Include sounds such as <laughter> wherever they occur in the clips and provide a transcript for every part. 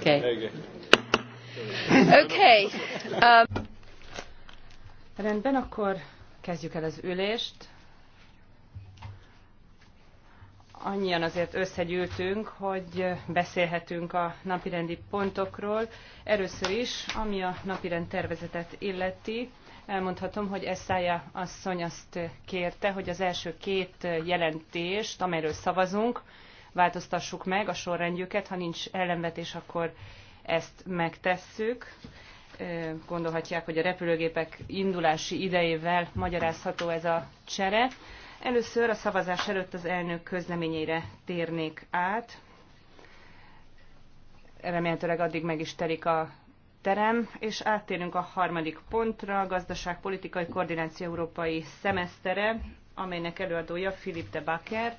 Okay. Okay. Um. Rendben, akkor kezdjük el az ülést. Annyian azért összegyűltünk, hogy beszélhetünk a napirendi pontokról. Először is, ami a napirend tervezetet illeti, elmondhatom, hogy Eszája asszony azt kérte, hogy az első két jelentést, amelyről szavazunk, változtassuk meg a sorrendjüket. Ha nincs ellenvetés, akkor ezt megtesszük. Gondolhatják, hogy a repülőgépek indulási idejével magyarázható ez a csere. Először a szavazás előtt az elnök közleményére térnék át. Remélhetőleg addig meg is telik a terem, és áttérünk a harmadik pontra, gazdaságpolitikai koordináció európai szemesztere, amelynek előadója Filip de Bakker,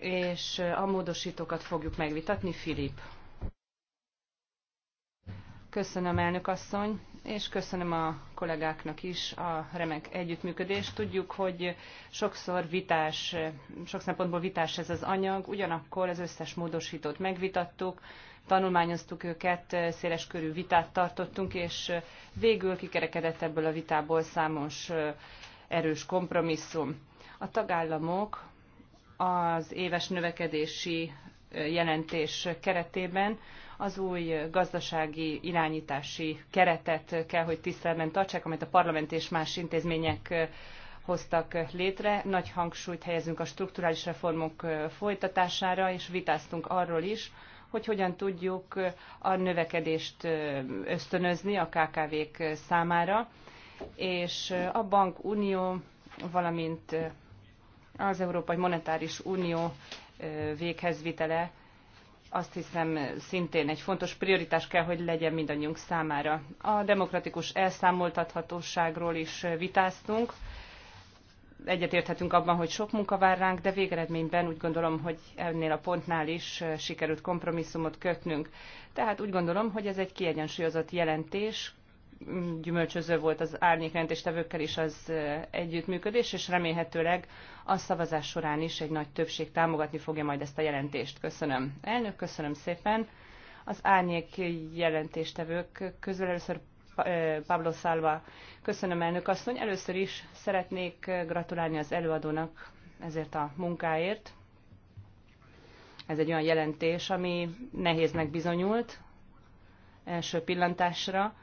és a módosítókat fogjuk megvitatni. Filip. Köszönöm, elnök asszony, és köszönöm a kollégáknak is a remek együttműködést. Tudjuk, hogy sokszor vitás, sok szempontból vitás ez az anyag, ugyanakkor az összes módosítót megvitattuk, tanulmányoztuk őket, széles körű vitát tartottunk, és végül kikerekedett ebből a vitából számos erős kompromisszum. A tagállamok az éves növekedési jelentés keretében az új gazdasági irányítási keretet kell, hogy tisztelben tartsák, amit a parlament és más intézmények hoztak létre. Nagy hangsúlyt helyezünk a strukturális reformok folytatására, és vitáztunk arról is, hogy hogyan tudjuk a növekedést ösztönözni a KKV-k számára, és a bankunió, valamint az Európai Monetáris Unió véghezvitele azt hiszem szintén egy fontos prioritás kell, hogy legyen mindannyiunk számára. A demokratikus elszámoltathatóságról is vitáztunk. Egyetérthetünk abban, hogy sok munka vár ránk, de végeredményben úgy gondolom, hogy ennél a pontnál is sikerült kompromisszumot kötnünk. Tehát úgy gondolom, hogy ez egy kiegyensúlyozott jelentés, gyümölcsöző volt az tevőkkel is az együttműködés, és remélhetőleg a szavazás során is egy nagy többség támogatni fogja majd ezt a jelentést. Köszönöm. Elnök, köszönöm szépen. Az árnyék jelentéstevők közül először Pablo Szálva. Köszönöm, elnök asszony. Először is szeretnék gratulálni az előadónak ezért a munkáért. Ez egy olyan jelentés, ami nehéznek bizonyult első pillantásra,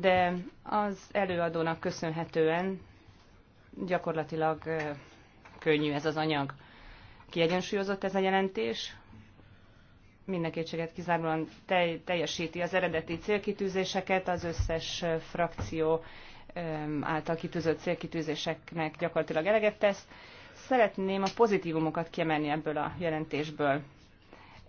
de az előadónak köszönhetően gyakorlatilag könnyű ez az anyag. Kiegyensúlyozott ez a jelentés, minden kétséget kizárólag tel- teljesíti az eredeti célkitűzéseket, az összes frakció által kitűzött célkitűzéseknek gyakorlatilag eleget tesz. Szeretném a pozitívumokat kiemelni ebből a jelentésből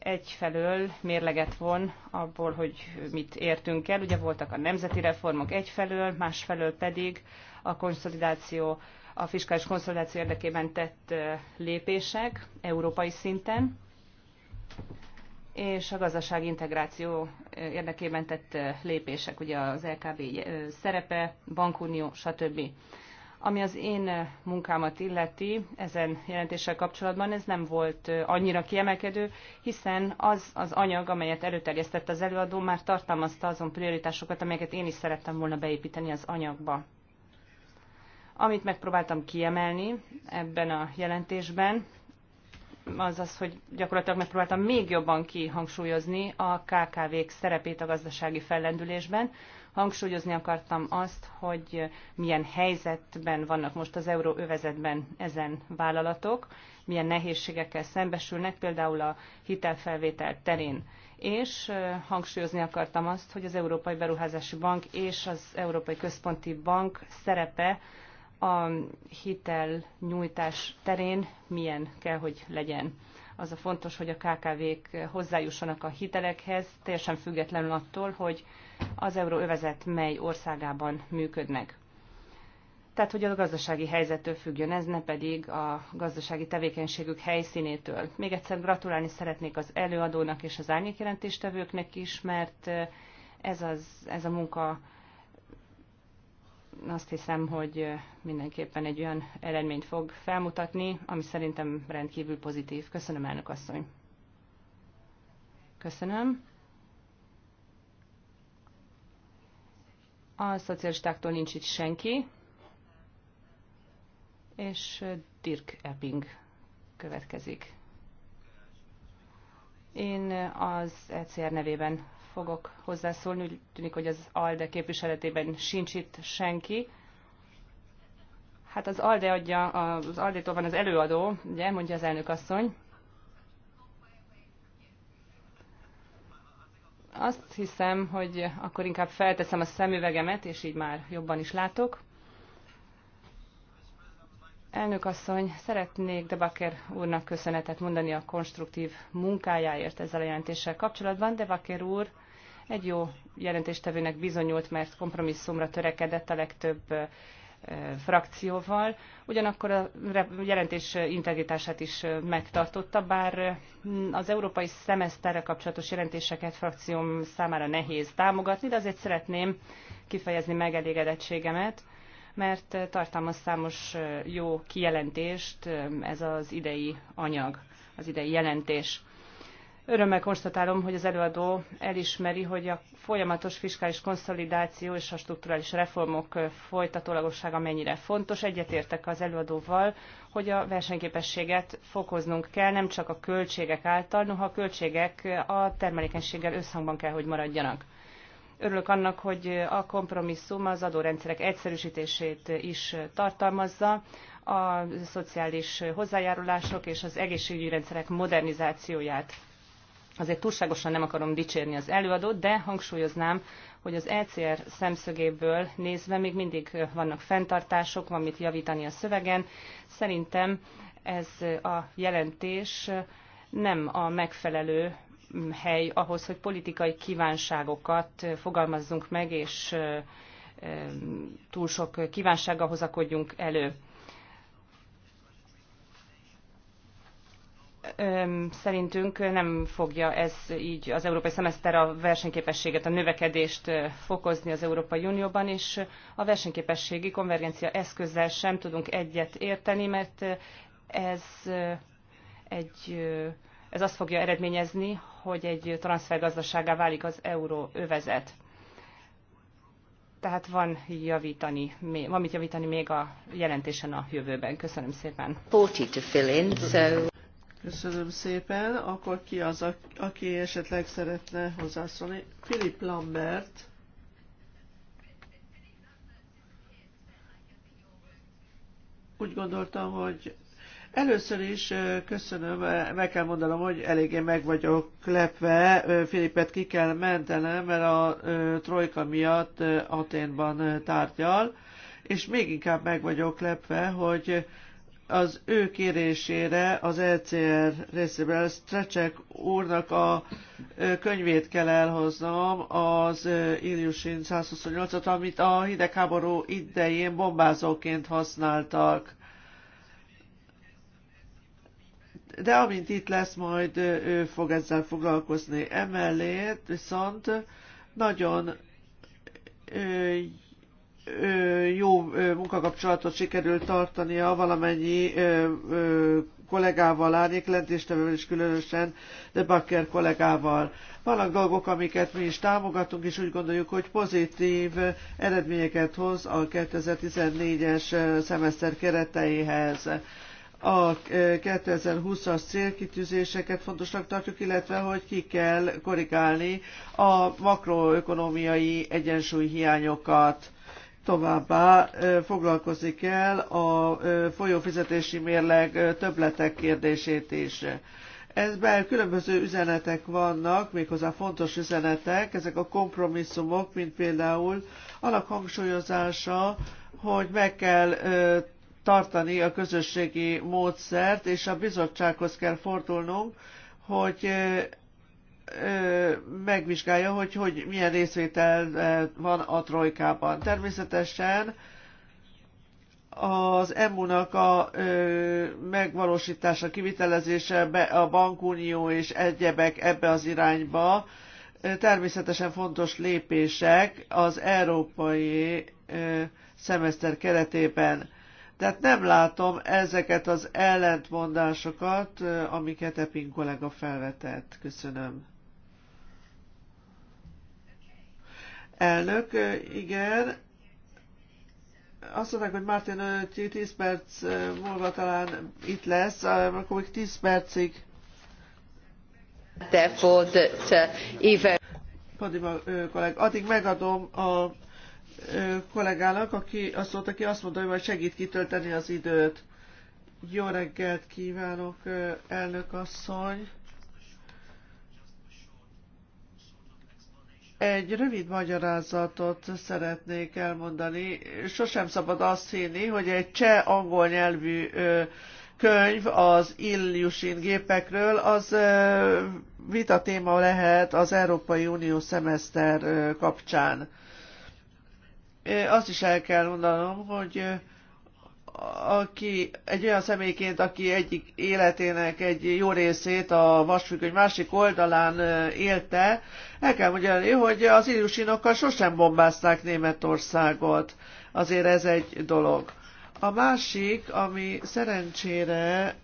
egyfelől mérleget von abból, hogy mit értünk el. Ugye voltak a nemzeti reformok egyfelől, másfelől pedig a konszolidáció, a fiskális konszolidáció érdekében tett lépések európai szinten, és a gazdaság integráció érdekében tett lépések, ugye az LKB szerepe, bankunió, stb. Ami az én eh, munkámat illeti ezen jelentéssel kapcsolatban, ez nem volt eh, annyira kiemelkedő, hiszen az az anyag, amelyet előterjesztett az előadó, már tartalmazta azon prioritásokat, amelyeket én is szerettem volna beépíteni az anyagba. Amit megpróbáltam kiemelni ebben a jelentésben, az az, hogy gyakorlatilag megpróbáltam még jobban kihangsúlyozni a KKV-k szerepét a gazdasági fellendülésben, Hangsúlyozni akartam azt, hogy milyen helyzetben vannak most az euróövezetben ezen vállalatok, milyen nehézségekkel szembesülnek, például a hitelfelvétel terén. És hangsúlyozni akartam azt, hogy az Európai Beruházási Bank és az Európai Központi Bank szerepe a hitelnyújtás terén milyen kell, hogy legyen. Az a fontos, hogy a KKV-k hozzájussanak a hitelekhez, teljesen függetlenül attól, hogy az euróövezet mely országában működnek. Tehát, hogy a gazdasági helyzettől függjön ez, ne pedig a gazdasági tevékenységük helyszínétől. Még egyszer gratulálni szeretnék az előadónak és az árnyékjelentéstevőknek is, mert eh, ez, az, ez a munka azt hiszem, hogy eh, mindenképpen egy olyan eredményt fog felmutatni, ami szerintem rendkívül pozitív. Köszönöm, elnök asszony. Köszönöm. A szocialistáktól nincs itt senki, és Dirk Epping következik. Én az ECR nevében fogok hozzászólni, úgy tűnik, hogy az ALDE képviseletében sincs itt senki. Hát az ALDE adja, az ALDE-tól van az előadó, ugye, mondja az elnök asszony. Azt hiszem, hogy akkor inkább felteszem a szemüvegemet, és így már jobban is látok. Elnök asszony, szeretnék Debaker úrnak köszönetet mondani a konstruktív munkájáért ezzel a jelentéssel kapcsolatban. Debaker úr egy jó jelentéstevőnek bizonyult, mert kompromisszumra törekedett a legtöbb frakcióval, ugyanakkor a jelentés integritását is megtartotta, bár az európai szemeszterre kapcsolatos jelentéseket frakcióm számára nehéz támogatni, de azért szeretném kifejezni megelégedettségemet, mert tartalmaz számos jó kijelentést ez az idei anyag, az idei jelentés. Örömmel konstatálom, hogy az előadó elismeri, hogy a folyamatos fiskális konszolidáció és a strukturális reformok folytatólagossága mennyire fontos. Egyetértek az előadóval, hogy a versenyképességet fokoznunk kell, nem csak a költségek által, noha a költségek a termelékenységgel összhangban kell, hogy maradjanak. Örülök annak, hogy a kompromisszum az adórendszerek egyszerűsítését is tartalmazza, a szociális hozzájárulások és az egészségügyi rendszerek modernizációját Azért túlságosan nem akarom dicsérni az előadót, de hangsúlyoznám, hogy az ECR szemszögéből nézve még mindig vannak fenntartások, van mit javítani a szövegen. Szerintem ez a jelentés nem a megfelelő hely ahhoz, hogy politikai kívánságokat fogalmazzunk meg, és túl sok kívánsággal hozakodjunk elő. Szerintünk nem fogja ez így az európai szemeszter a versenyképességet, a növekedést fokozni az Európai Unióban, és a versenyképességi konvergencia eszközzel sem tudunk egyet érteni, mert ez, egy, ez azt fogja eredményezni, hogy egy transfergazdaságá válik az euróövezet. Tehát van javítani, van mit javítani még a jelentésen a jövőben. Köszönöm szépen. 40 to fill in, so... Köszönöm szépen. Akkor ki az, aki esetleg szeretne hozzászólni? Philip Lambert. Úgy gondoltam, hogy Először is köszönöm, meg kell mondanom, hogy eléggé meg vagyok lepve. Filipet ki kell mentenem, mert a trojka miatt Aténban tárgyal, és még inkább meg vagyok lepve, hogy az ő kérésére az ECR részéből Strecek úrnak a könyvét kell elhoznom, az Illusin 128-at, amit a hidegháború idején bombázóként használtak. De amint itt lesz, majd ő fog ezzel foglalkozni. emellett viszont nagyon jó munkakapcsolatot sikerült tartania valamennyi kollégával, árnyéklentéstevővel és különösen de Bakker kollégával. Vannak dolgok, amiket mi is támogatunk, és úgy gondoljuk, hogy pozitív eredményeket hoz a 2014-es szemeszter kereteihez a 2020-as célkitűzéseket fontosnak tartjuk, illetve hogy ki kell korrigálni a makroökonomiai egyensúlyhiányokat. Továbbá foglalkozik el a folyófizetési mérleg többletek kérdését is. Ezben különböző üzenetek vannak, méghozzá fontos üzenetek, ezek a kompromisszumok, mint például annak hangsúlyozása, hogy meg kell tartani a közösségi módszert, és a bizottsághoz kell fordulnunk, hogy megvizsgálja, hogy, hogy milyen részvétel van a trojkában. Természetesen az EMU-nak a ö, megvalósítása, kivitelezése, be, a bankunió és egyebek ebbe az irányba természetesen fontos lépések az európai ö, szemeszter keretében. Tehát nem látom ezeket az ellentmondásokat, amiket Epin kollega felvetett. Köszönöm. Elnök, igen. Azt mondták, hogy Martin 10 perc múlva talán itt lesz, akkor még 10 percig. Therefore that Padima kollég, addig megadom a kollégának, aki azt mondta, aki azt mondta, hogy majd segít kitölteni az időt. Jó reggelt kívánok, elnök asszony! Egy rövid magyarázatot szeretnék elmondani. Sosem szabad azt hinni, hogy egy cseh angol nyelvű könyv az Illusin gépekről, az vita téma lehet az Európai Unió szemeszter kapcsán. Azt is el kell mondanom, hogy aki egy olyan személyként, aki egyik életének egy jó részét a vasfüggöny másik oldalán élte, el kell mondani, hogy az illusinokkal sosem bombázták Németországot. Azért ez egy dolog. A másik, ami szerencsére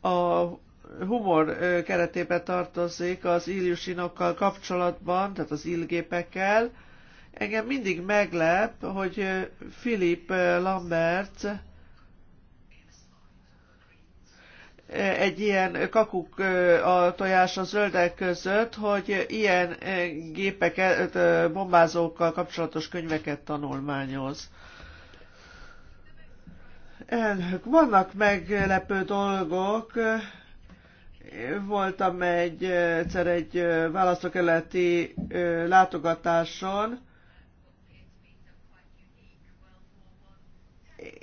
a humor keretébe tartozik az illusinokkal kapcsolatban, tehát az ilgépekkel, Engem mindig meglep, hogy Philip Lambert egy ilyen kakuk a tojás a zöldek között, hogy ilyen gépeket, bombázókkal kapcsolatos könyveket tanulmányoz. Elnök, vannak meglepő dolgok. Voltam egy, egyszer egy választókeleti látogatáson,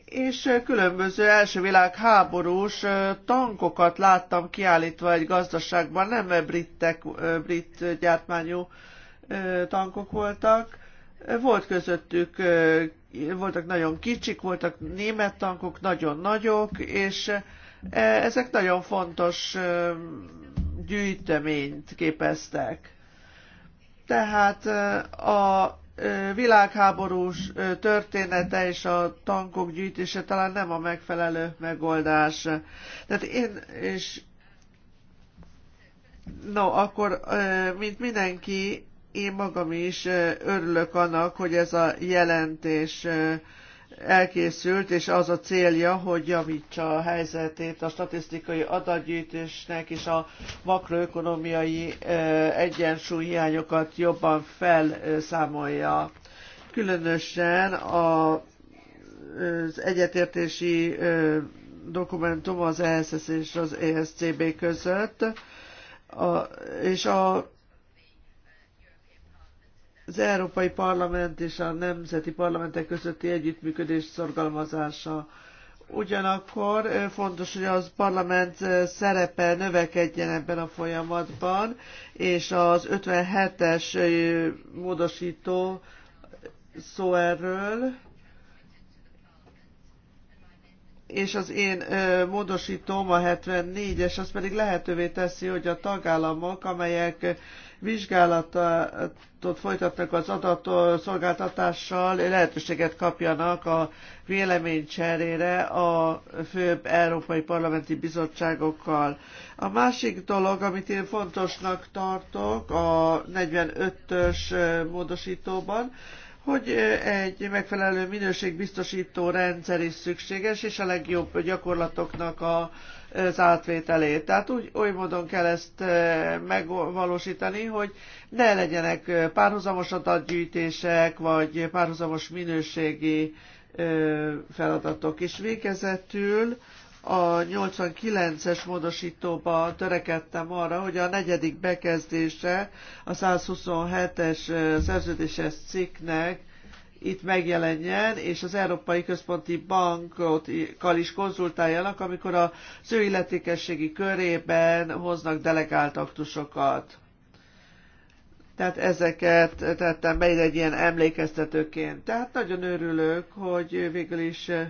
és különböző első világháborús tankokat láttam kiállítva egy gazdaságban, nem brittek, brit gyártmányú tankok voltak, volt közöttük, voltak nagyon kicsik, voltak német tankok, nagyon nagyok, és ezek nagyon fontos gyűjteményt képeztek. Tehát a világháborús története és a tankok gyűjtése talán nem a megfelelő megoldás. Tehát én is, no, akkor mint mindenki, én magam is örülök annak, hogy ez a jelentés elkészült, és az a célja, hogy javítsa a helyzetét a statisztikai adatgyűjtésnek, és a makroökonomiai egyensúlyhiányokat jobban felszámolja. Különösen a, az egyetértési dokumentum az ESS és az ESCB között, a, és a az Európai Parlament és a nemzeti parlamentek közötti együttműködés szorgalmazása. Ugyanakkor fontos, hogy az parlament szerepe növekedjen ebben a folyamatban, és az 57-es módosító szó erről, és az én ö, módosítóm a 74-es, az pedig lehetővé teszi, hogy a tagállamok, amelyek vizsgálatot folytatnak az adatszolgáltatással, lehetőséget kapjanak a véleménycserére a főbb európai parlamenti bizottságokkal. A másik dolog, amit én fontosnak tartok a 45-ös módosítóban, hogy egy megfelelő minőségbiztosító rendszer is szükséges, és a legjobb gyakorlatoknak a az átvételét. Tehát úgy, oly módon kell ezt e, megvalósítani, hogy ne legyenek e, párhuzamos adatgyűjtések, vagy párhuzamos minőségi e, feladatok. És végezetül a 89-es módosítóban törekedtem arra, hogy a negyedik bekezdése a 127-es szerződéses cikknek itt megjelenjen, és az Európai Központi Bankkal is konzultáljanak, amikor a ő illetékességi körében hoznak delegált aktusokat. Tehát ezeket tettem be egy ilyen emlékeztetőként. Tehát nagyon örülök, hogy végül is eh,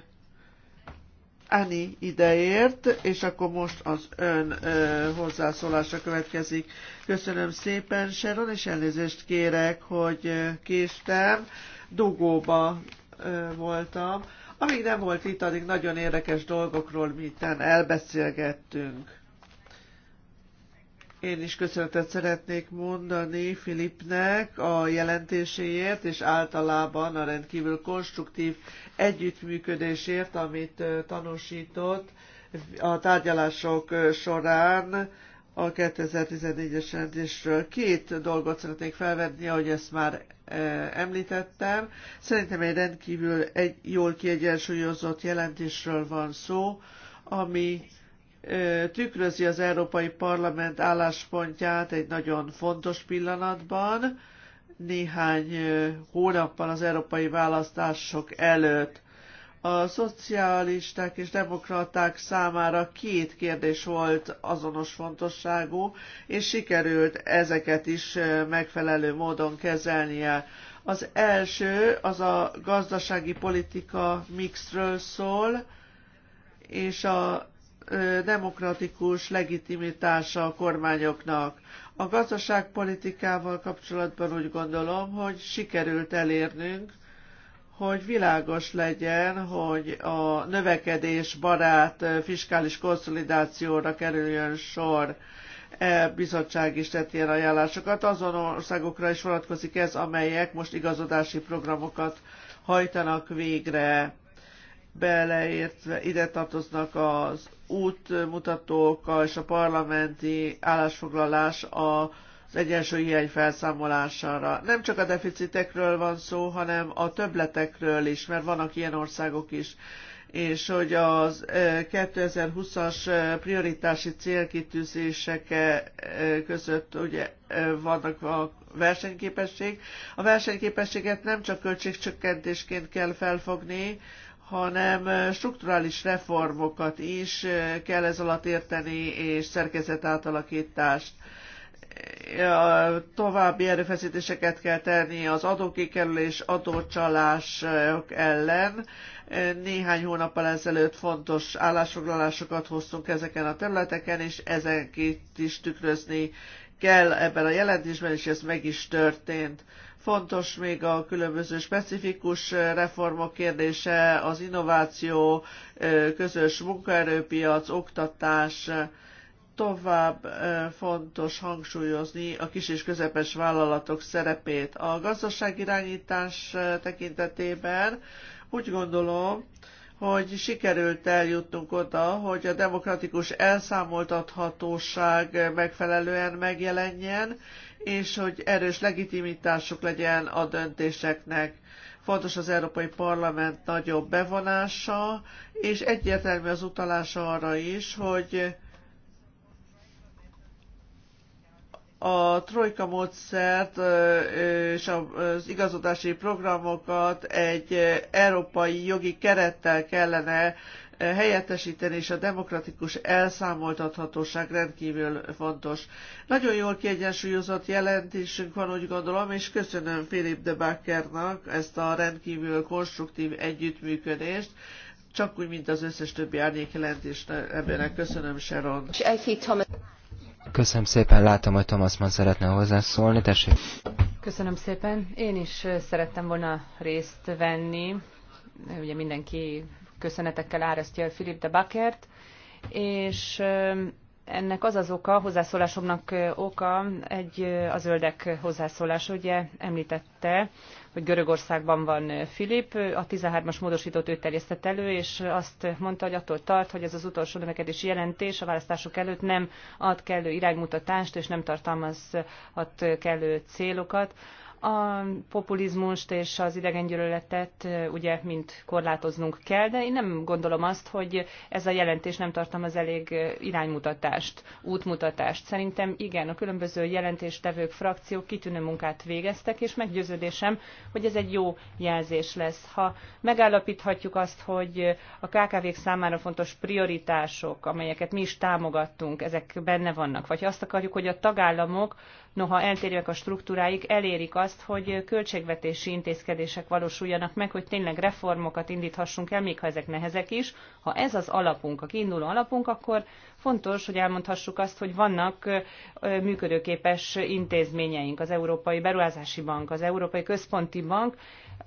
Ani ideért, és akkor most az ön ö, eh, hozzászólása következik. Köszönöm szépen, Sharon, és elnézést kérek, hogy eh, késtem dugóba voltam. Amíg nem volt itt, addig nagyon érdekes dolgokról mi itten elbeszélgettünk. Én is köszönetet szeretnék mondani Filipnek a jelentéséért, és általában a rendkívül konstruktív együttműködésért, amit tanúsított a tárgyalások során a 2014-es jelentésről. Két dolgot szeretnék felvenni, ahogy ezt már e, említettem. Szerintem egy rendkívül egy jól kiegyensúlyozott jelentésről van szó, ami e, tükrözi az Európai Parlament álláspontját egy nagyon fontos pillanatban, néhány e, hónappal az európai választások előtt. A szocialisták és demokraták számára két kérdés volt azonos fontosságú, és sikerült ezeket is megfelelő módon kezelnie. Az első az a gazdasági politika mixről szól, és a demokratikus legitimitása a kormányoknak. A gazdaságpolitikával kapcsolatban úgy gondolom, hogy sikerült elérnünk hogy világos legyen, hogy a növekedés barát fiskális konszolidációra kerüljön sor. E bizottság is tett ilyen ajánlásokat. Azon országokra is vonatkozik ez, amelyek most igazodási programokat hajtanak végre beleértve ide tartoznak az útmutatók és a parlamenti állásfoglalás a az egyensúly hiány felszámolására. Nem csak a deficitekről van szó, hanem a többletekről is, mert vannak ilyen országok is és hogy az 2020-as prioritási célkitűzések között ugye vannak a versenyképesség. A versenyképességet nem csak költségcsökkentésként kell felfogni, hanem strukturális reformokat is kell ez alatt érteni, és szerkezet átalakítást további erőfeszítéseket kell tenni az adókikerülés, adócsalások ellen. Néhány hónappal ezelőtt fontos állásfoglalásokat hoztunk ezeken a területeken, és ezenkit is tükrözni kell ebben a jelentésben, és ez meg is történt. Fontos még a különböző specifikus reformok kérdése, az innováció, közös munkaerőpiac, oktatás, tovább fontos hangsúlyozni a kis és közepes vállalatok szerepét. A gazdaságirányítás tekintetében úgy gondolom, hogy sikerült eljutnunk oda, hogy a demokratikus elszámoltathatóság megfelelően megjelenjen, és hogy erős legitimitásuk legyen a döntéseknek. Fontos az Európai Parlament nagyobb bevonása, és egyértelmű az utalása arra is, hogy a trojka módszert és az igazodási programokat egy európai jogi kerettel kellene helyettesíteni, és a demokratikus elszámoltathatóság rendkívül fontos. Nagyon jól kiegyensúlyozott jelentésünk van, úgy gondolom, és köszönöm Philip de Bakernak ezt a rendkívül konstruktív együttműködést, csak úgy, mint az összes többi árnyék jelentést ebben. Köszönöm, Sharon. Köszönöm szépen, látom, hogy Thomas Mann szeretne hozzászólni, tessék. Köszönöm szépen. Én is szerettem volna részt venni. Ugye mindenki köszönetekkel árasztja Filip de Bakert, és ennek az az oka, hozzászólásomnak oka egy a zöldek hozzászólás, ugye említette, hogy Görögországban van Filip. A 13-as módosítót ő terjesztett elő, és azt mondta, hogy attól tart, hogy ez az utolsó növekedési jelentés a választások előtt nem ad kellő iránymutatást, és nem tartalmazhat kellő célokat a populizmust és az idegengyűlöletet ugye mind korlátoznunk kell, de én nem gondolom azt, hogy ez a jelentés nem tartalmaz elég iránymutatást, útmutatást. Szerintem igen, a különböző jelentéstevők, frakciók kitűnő munkát végeztek, és meggyőződésem, hogy ez egy jó jelzés lesz. Ha megállapíthatjuk azt, hogy a KKV-k számára fontos prioritások, amelyeket mi is támogattunk, ezek benne vannak, vagy azt akarjuk, hogy a tagállamok noha eltérőek a struktúráik, elérik azt, hogy költségvetési intézkedések valósuljanak meg, hogy tényleg reformokat indíthassunk el, még ha ezek nehezek is. Ha ez az alapunk, a kiinduló alapunk, akkor fontos, hogy elmondhassuk azt, hogy vannak működőképes intézményeink, az Európai Beruházási Bank, az Európai Központi Bank,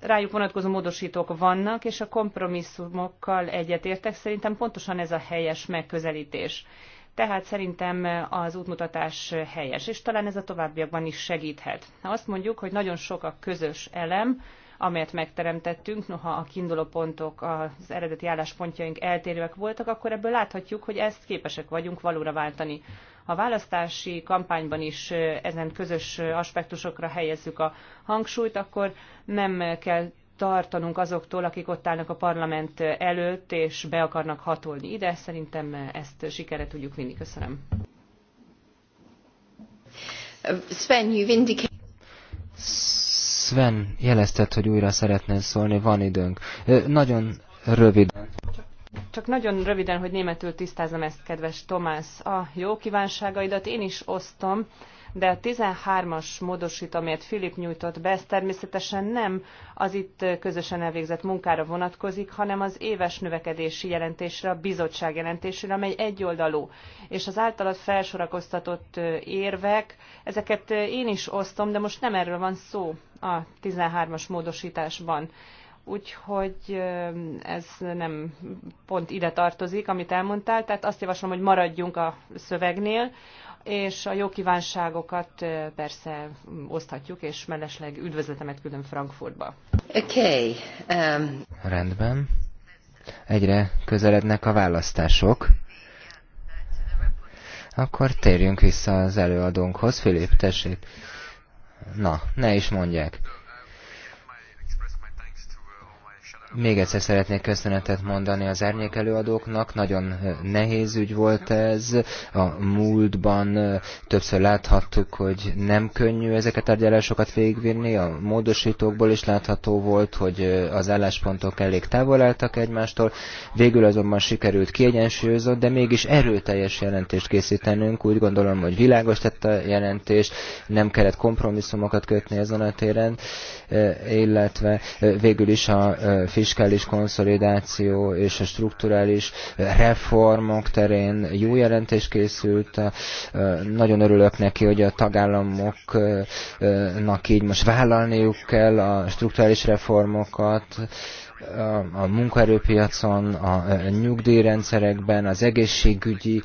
rájuk vonatkozó módosítók vannak, és a kompromisszumokkal egyetértek. Szerintem pontosan ez a helyes megközelítés. Tehát szerintem az útmutatás helyes, és talán ez a továbbiakban is segíthet. Ha azt mondjuk, hogy nagyon sok a közös elem, amelyet megteremtettünk, noha a kiinduló pontok, az eredeti álláspontjaink eltérőek voltak, akkor ebből láthatjuk, hogy ezt képesek vagyunk valóra váltani. A választási kampányban is ezen közös aspektusokra helyezzük a hangsúlyt, akkor nem kell tartanunk azoktól, akik ott állnak a parlament előtt, és be akarnak hatolni ide. Szerintem ezt sikerre tudjuk vinni. Köszönöm. Sven, you've indicated... Sven jelezted, hogy újra szeretnél szólni, van időnk. Nagyon röviden. Csak, csak nagyon röviden, hogy németül tisztázom ezt, kedves Tomás. A jó kívánságaidat én is osztom de a 13-as módosít, amelyet Filip nyújtott be, ez természetesen nem az itt közösen elvégzett munkára vonatkozik, hanem az éves növekedési jelentésre, a bizottság jelentésére, amely egyoldalú. És az általad felsorakoztatott érvek, ezeket én is osztom, de most nem erről van szó a 13-as módosításban úgyhogy ez nem pont ide tartozik, amit elmondtál, tehát azt javaslom, hogy maradjunk a szövegnél és a jó kívánságokat persze oszthatjuk, és mellesleg üdvözletemet küldöm Frankfurtba. Okay, um... Rendben. Egyre közelednek a választások. Akkor térjünk vissza az előadónkhoz. Filip, tessék. Na, ne is mondják. Még egyszer szeretnék köszönetet mondani az árnyék előadóknak. Nagyon nehéz ügy volt ez. A múltban többször láthattuk, hogy nem könnyű ezeket a tárgyalásokat végigvinni. A módosítókból is látható volt, hogy az álláspontok elég távol álltak egymástól. Végül azonban sikerült kiegyensúlyozott, de mégis erőteljes jelentést készítenünk. Úgy gondolom, hogy világos tett a jelentés, nem kellett kompromisszumokat kötni ezen a téren illetve végül is a fiskális konszolidáció és a strukturális reformok terén jó jelentés készült. Nagyon örülök neki, hogy a tagállamoknak így most vállalniuk kell a strukturális reformokat, a, a munkaerőpiacon, a, nyugdíjrendszerekben, az egészségügyi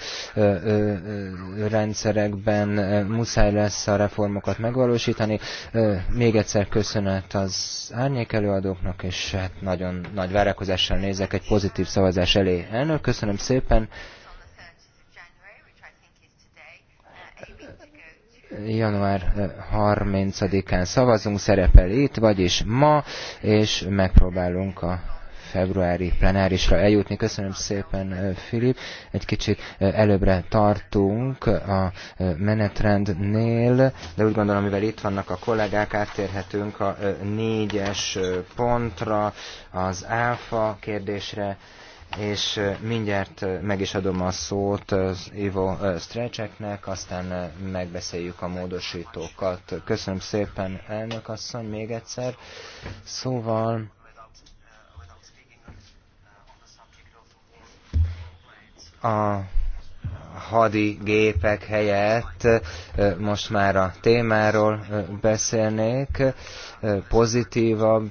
rendszerekben muszáj lesz a reformokat megvalósítani. Még egyszer köszönet az árnyék előadóknak, és hát nagyon nagy várakozással nézek egy pozitív szavazás elé. Elnök, köszönöm szépen! január 30-án szavazunk, szerepel itt, vagyis ma, és megpróbálunk a februári plenárisra eljutni. Köszönöm szépen, Filip. Egy kicsit előbbre tartunk a menetrendnél, de úgy gondolom, mivel itt vannak a kollégák, áttérhetünk a négyes pontra, az ÁFA kérdésre, és mindjárt meg is adom a szót az Ivo Strecseknek, aztán megbeszéljük a módosítókat. Köszönöm szépen, elnök asszony, még egyszer. Szóval... A hadi gépek helyett most már a témáról beszélnék, pozitívabb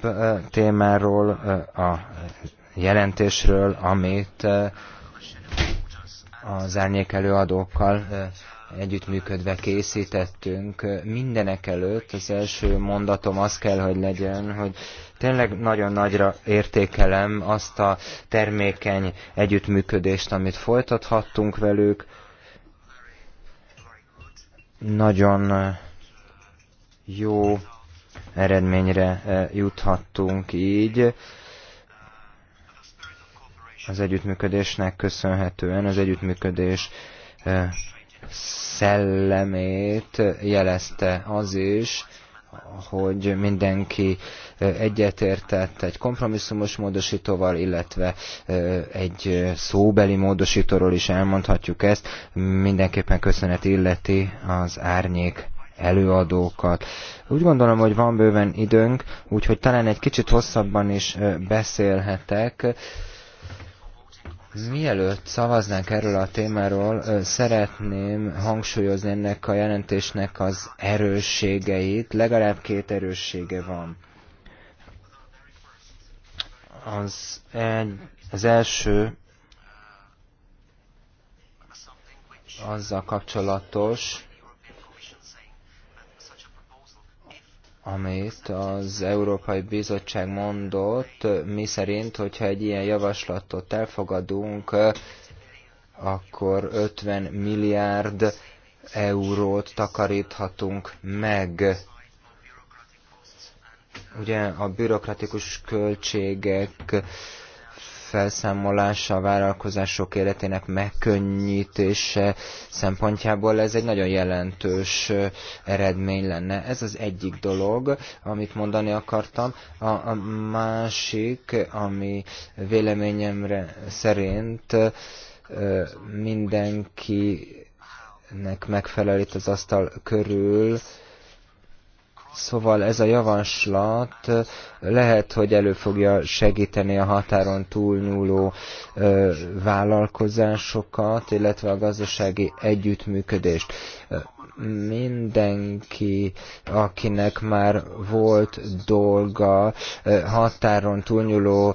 témáról, a jelentésről, amit eh, az árnyék előadókkal eh, együttműködve készítettünk. Mindenek előtt az első mondatom az kell, hogy legyen, hogy tényleg nagyon nagyra értékelem azt a termékeny együttműködést, amit folytathattunk velük. Nagyon eh, jó eredményre juthattunk így az együttműködésnek köszönhetően az együttműködés eh, szellemét jelezte az is, hogy mindenki eh, egyetértett egy kompromisszumos módosítóval, illetve eh, egy szóbeli módosítóról is elmondhatjuk ezt. Mindenképpen köszönet illeti az árnyék előadókat. Úgy gondolom, hogy van bőven időnk, úgyhogy talán egy kicsit hosszabban is beszélhetek. Mielőtt szavaznánk erről a témáról, szeretném hangsúlyozni ennek a jelentésnek az erősségeit. Legalább két erőssége van. Az, egy, az első azzal kapcsolatos, amit az Európai Bizottság mondott, mi szerint, hogyha egy ilyen javaslatot elfogadunk, akkor 50 milliárd eurót takaríthatunk meg. Ugye a bürokratikus költségek felszámolása a vállalkozások életének megkönnyítése szempontjából ez egy nagyon jelentős eredmény lenne. Ez az egyik dolog, amit mondani akartam. A, a másik, ami véleményemre szerint mindenkinek megfelel itt az asztal körül, Szóval ez a javaslat lehet, hogy elő fogja segíteni a határon túlnyúló vállalkozásokat, illetve a gazdasági együttműködést mindenki, akinek már volt dolga határon túlnyúló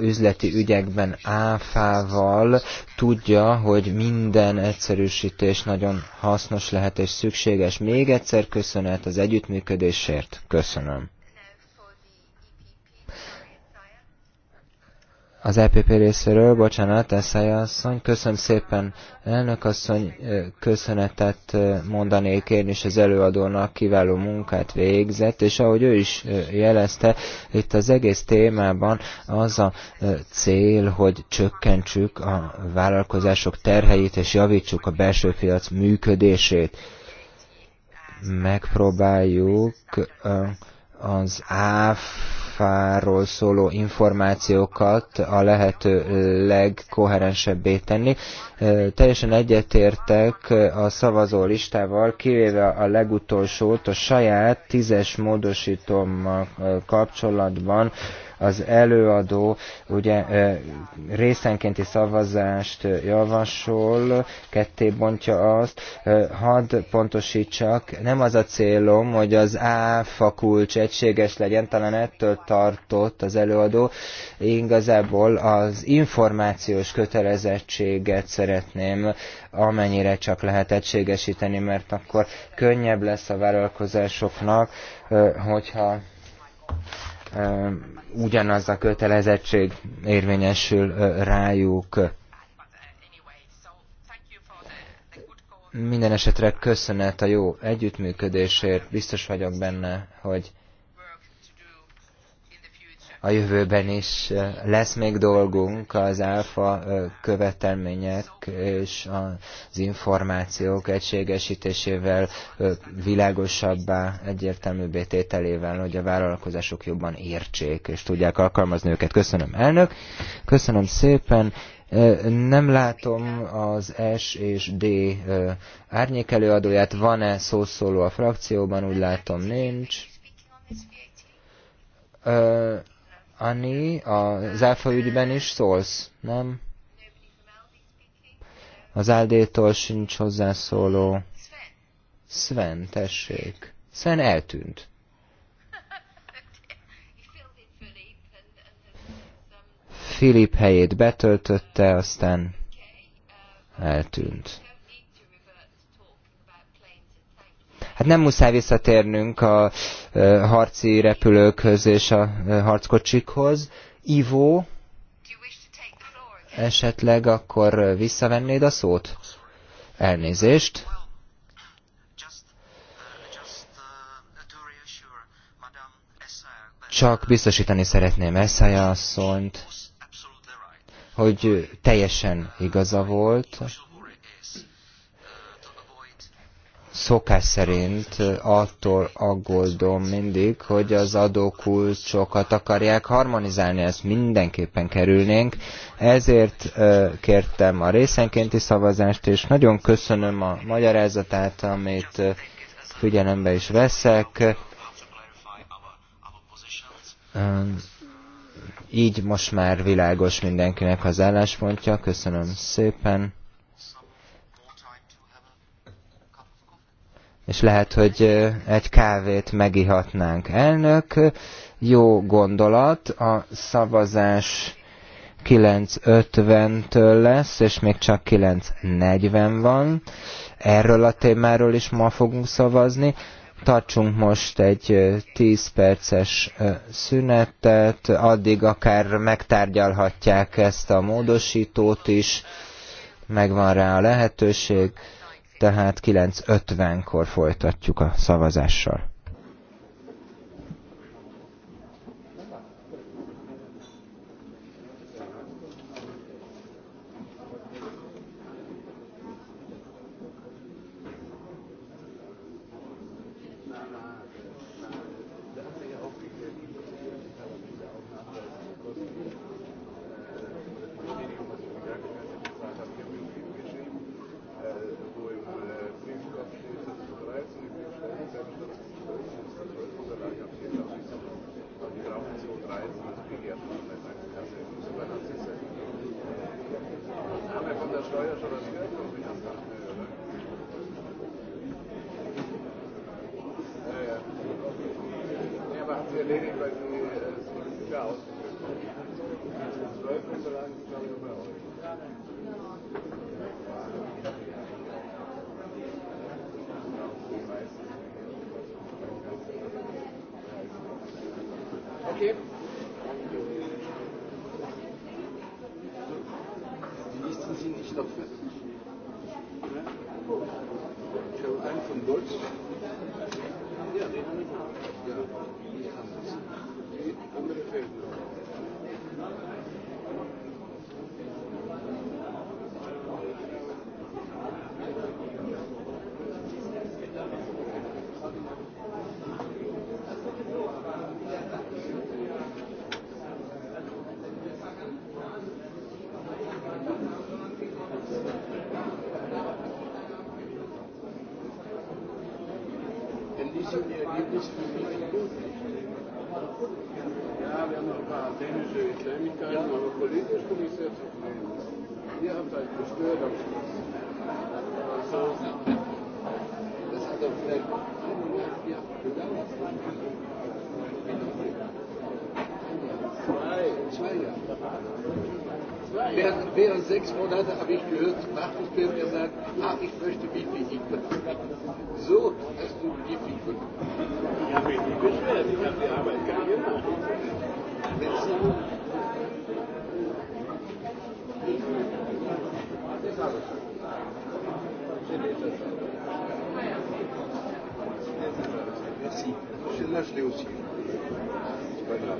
üzleti ügyekben áfával, tudja, hogy minden egyszerűsítés nagyon hasznos lehet és szükséges. Még egyszer köszönet az együttműködésért. Köszönöm. az EPP részéről, bocsánat, Eszája asszony, köszönöm szépen, elnök asszony, köszönetet mondanék én is az előadónak, kiváló munkát végzett, és ahogy ő is jelezte, itt az egész témában az a cél, hogy csökkentsük a vállalkozások terheit, és javítsuk a belső piac működését. Megpróbáljuk az áf áfáról szóló információkat a lehető legkoherensebbé tenni. Teljesen egyetértek a szavazó listával, kivéve a legutolsót, a saját tízes módosítom kapcsolatban az előadó ugye részenkénti szavazást javasol, ketté bontja azt, hadd pontosítsak, nem az a célom, hogy az áfa kulcs egységes legyen, talán ettől tartott az előadó, igazából az információs kötelezettséget szeretném amennyire csak lehet egységesíteni, mert akkor könnyebb lesz a vállalkozásoknak, hogyha ugyanaz a kötelezettség érvényesül rájuk. Minden esetre köszönet a jó együttműködésért, biztos vagyok benne, hogy a jövőben is lesz még dolgunk az álfa követelmények és az információk egységesítésével, világosabbá, egyértelműbbé tételével, hogy a vállalkozások jobban értsék és tudják alkalmazni őket. Köszönöm, elnök! Köszönöm szépen! Nem látom az S és D árnyék előadóját. Van-e szószóló a frakcióban? Úgy látom, nincs. Ani, az ÁFA ügyben is szólsz, nem? Az áldétól sincs hozzászóló. Sven, tessék. Sven eltűnt. Filip helyét betöltötte, aztán eltűnt. Hát nem muszáj visszatérnünk a harci repülőkhöz és a harckocsikhoz. Ivo, esetleg akkor visszavennéd a szót? Elnézést. Csak biztosítani szeretném Eszája asszonyt, hogy teljesen igaza volt szokás szerint attól aggódom mindig, hogy az adókulcsokat akarják harmonizálni, ezt mindenképpen kerülnénk. Ezért kértem a részenkénti szavazást, és nagyon köszönöm a magyarázatát, amit figyelembe is veszek. Így most már világos mindenkinek az álláspontja. Köszönöm szépen. és lehet, hogy egy kávét megihatnánk. Elnök, jó gondolat, a szavazás 9.50-től lesz, és még csak 9.40 van. Erről a témáról is ma fogunk szavazni. Tartsunk most egy 10 perces szünetet, addig akár megtárgyalhatják ezt a módosítót is, megvan rá a lehetőség tehát 9.50-kor folytatjuk a szavazással. Ja, wir haben noch ein paar dänische Islamiker, ja. aber politisch bin ich sehr zufrieden. Ihr habt halt gestört am Schluss. Also, das hat doch vielleicht ein Jahr, vier gedauert. Zwei, zwei Jahre während, während sechs Monate habe ich gehört, Film gesagt, ah, ich möchte Bifihippen. So hast du Bifihippen. Ich habe mich nicht beschwert, ich habe die Arbeit gar gemacht. Merci. Merci. Je lâche les aussi. C'est pas grave.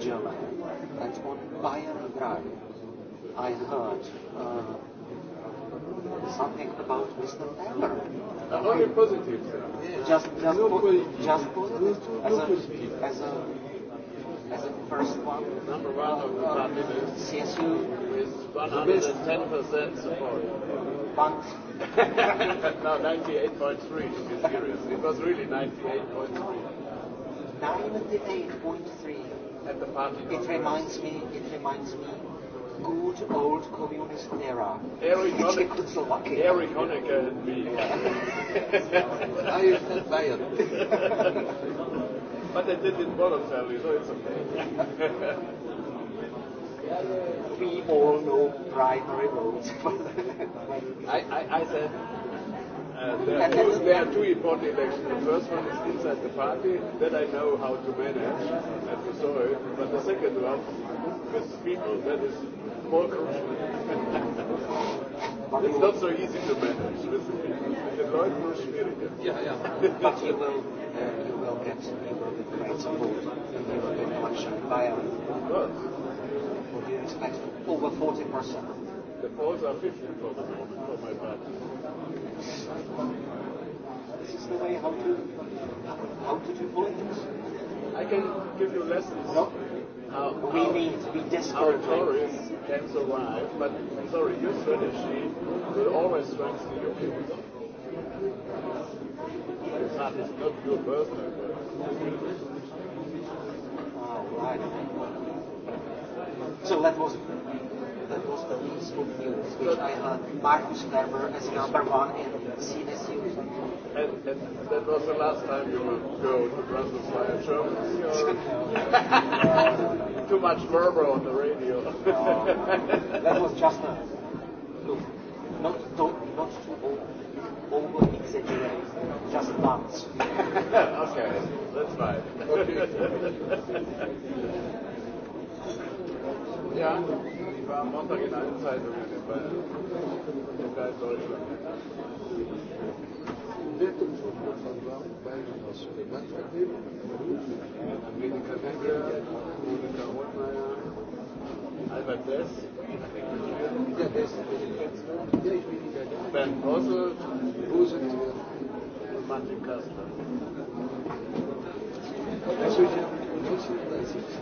German, and on Bayern Drag, I heard uh, something about Mr. Taylor. Uh, only positive, sir. Yeah. Just, just, no po- just positive. No, as, a, as a as a first one. Number one of the uh, candidates. CSU with 110% support. But <laughs> no, 98.3 to be serious. It was really 98.3. 98.3 at the party. It reminds me. It reminds me. Good old communist era. Eric Honecker. and Honecker had been. I used that Bayern. <laughs> But I did it voluntarily, so it's okay. <laughs> we all know primary votes. <laughs> I, I, I said Uh, there, there are two important elections. The first one is inside the party that I know how to manage, and you saw it. But the second one, with people, that is more crucial. <laughs> it's not so easy to manage with the people. Mit den will, nur Yeah, yeah. But you will, uh, you will get great support in the European election by Ireland. What? What do you expect? Over 40%. The polls are 50% for my party. This is the way how to how to do politics. I can give you lessons. No. Uh, how, we need to be desperate. How Tories can survive, but sorry, your strategy will always strengthen your people. That is not your personal. Oh, right. So that was that was the least good news, which I had Marcus Ferber as number one and CSU. And, and that was the last time you would go to Brussels via Germany? Or, too much Ferber on the radio. no, that was just a look. Not, don't, not too old over exaggerate just once. <laughs> okay, that's fine. Okay. <laughs> yeah. Ich war am Montag in allen Zeitungen dabei, sogar in Deutschland. Angelika Becker, Monika Rottmeier, Albert Dess, der Dess, der und Martin Kastner. Also ich habe 1970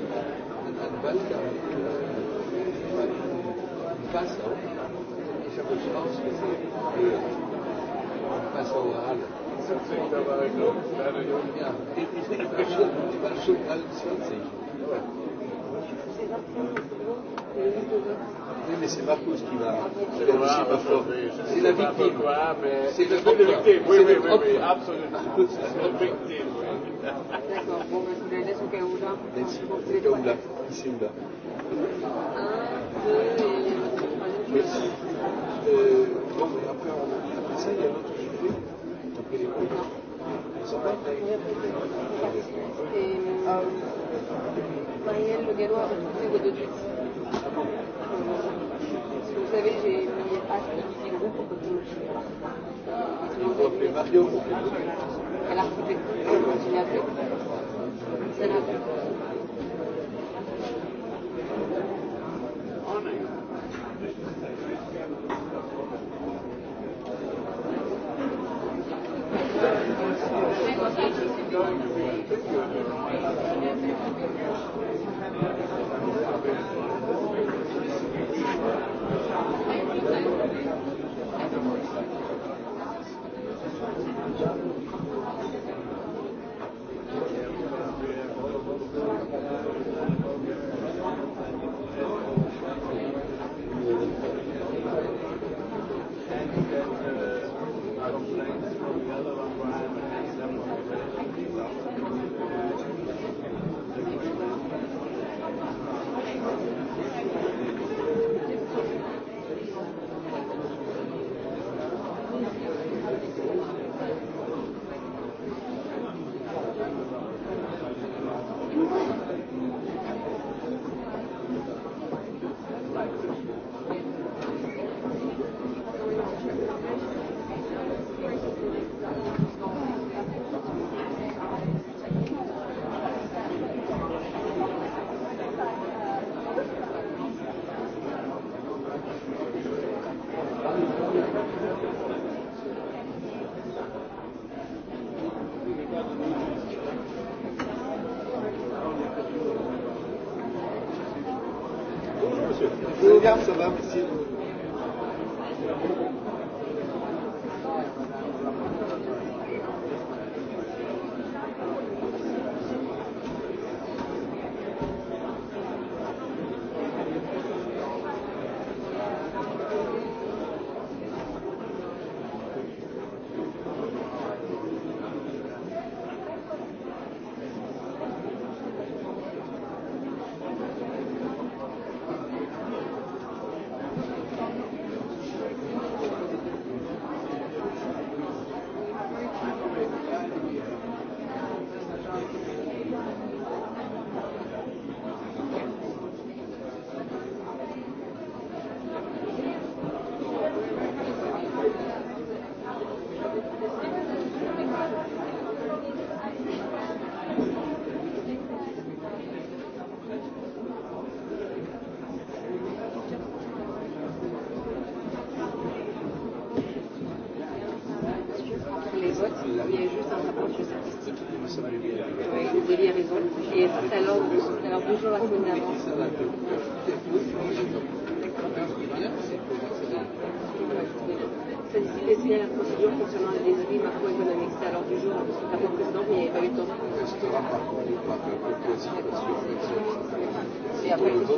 an Wald gearbeitet. Passau, ich habe es ausgesehen, früher, von Passau Halle. Da war ich noch ein kleiner Junge. Ja, ich war schon, ich war schon bald 20. Oui, mais c'est Marcos qui va. C'est la victime. C'est la victime. C'est la victime. Oui, oui, oui, absolument. C'est la victime. D'accord, bon, bah, je vous la laisse au cas où là. Merci, au cas où là. Ici ou là. Un, deux et le Merci. Euh, non, mais après, on, après ça, il y a l'autre sujet. T'as pris les couilles Ça va Et euh, Marielle Le Gallois a retrouvé vos deux tweets. Parce que vous savez, j'ai mis hâte du groupe. Ils ont appelé Mario en Afrique, en Afrique. C'est en Afrique. Thank you. fordult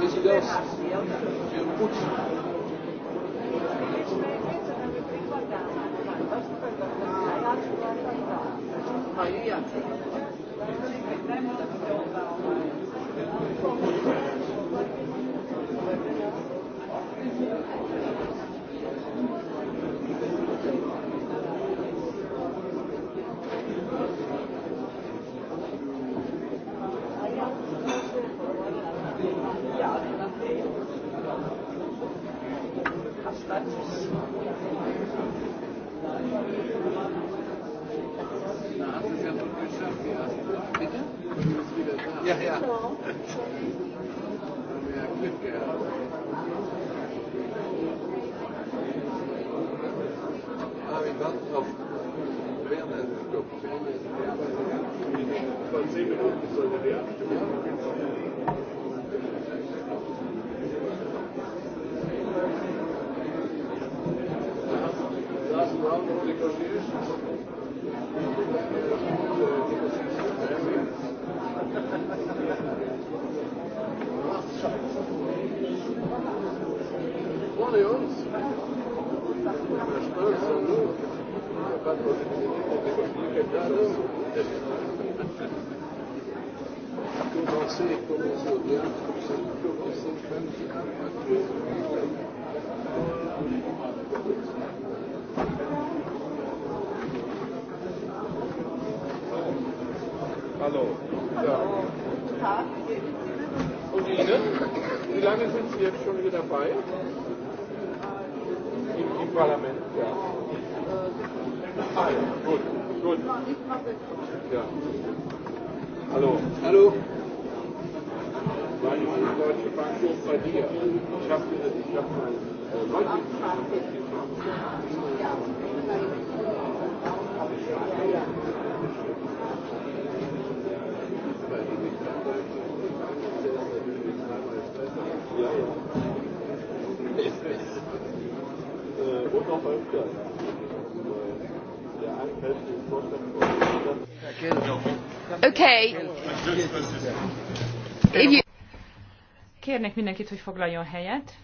résidence de Poutine. Thank you. Von zehn Minuten sollte die Abstimmung. Commencer, commencer, commencer, commencer, commencer, Und Ihnen? Wie lange sind Sie jetzt schon hier dabei? Im, im Parlament, ja. Ah, ja. Gut, gut. Ja. Hallo. Hallo. War die Deutsche Bank jetzt bei dir? Ich habe ich hab mein äh, Leute gemacht. Ja, ja, ja. Okay. Kérnek mindenkit, hogy foglaljon helyet.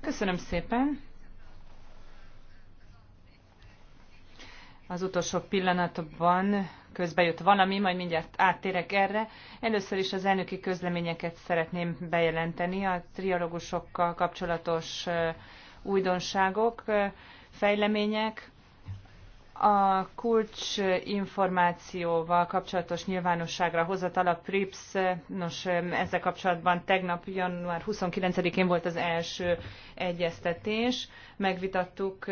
Köszönöm szépen. Az utolsó pillanatban közbejött valami, majd mindjárt áttérek erre. Először is az elnöki közleményeket szeretném bejelenteni, a trialogusokkal kapcsolatos újdonságok, fejlemények. A információval kapcsolatos nyilvánosságra hozatal a PRIPS, nos ezzel kapcsolatban tegnap január 29-én volt az első egyeztetés. Megvitattuk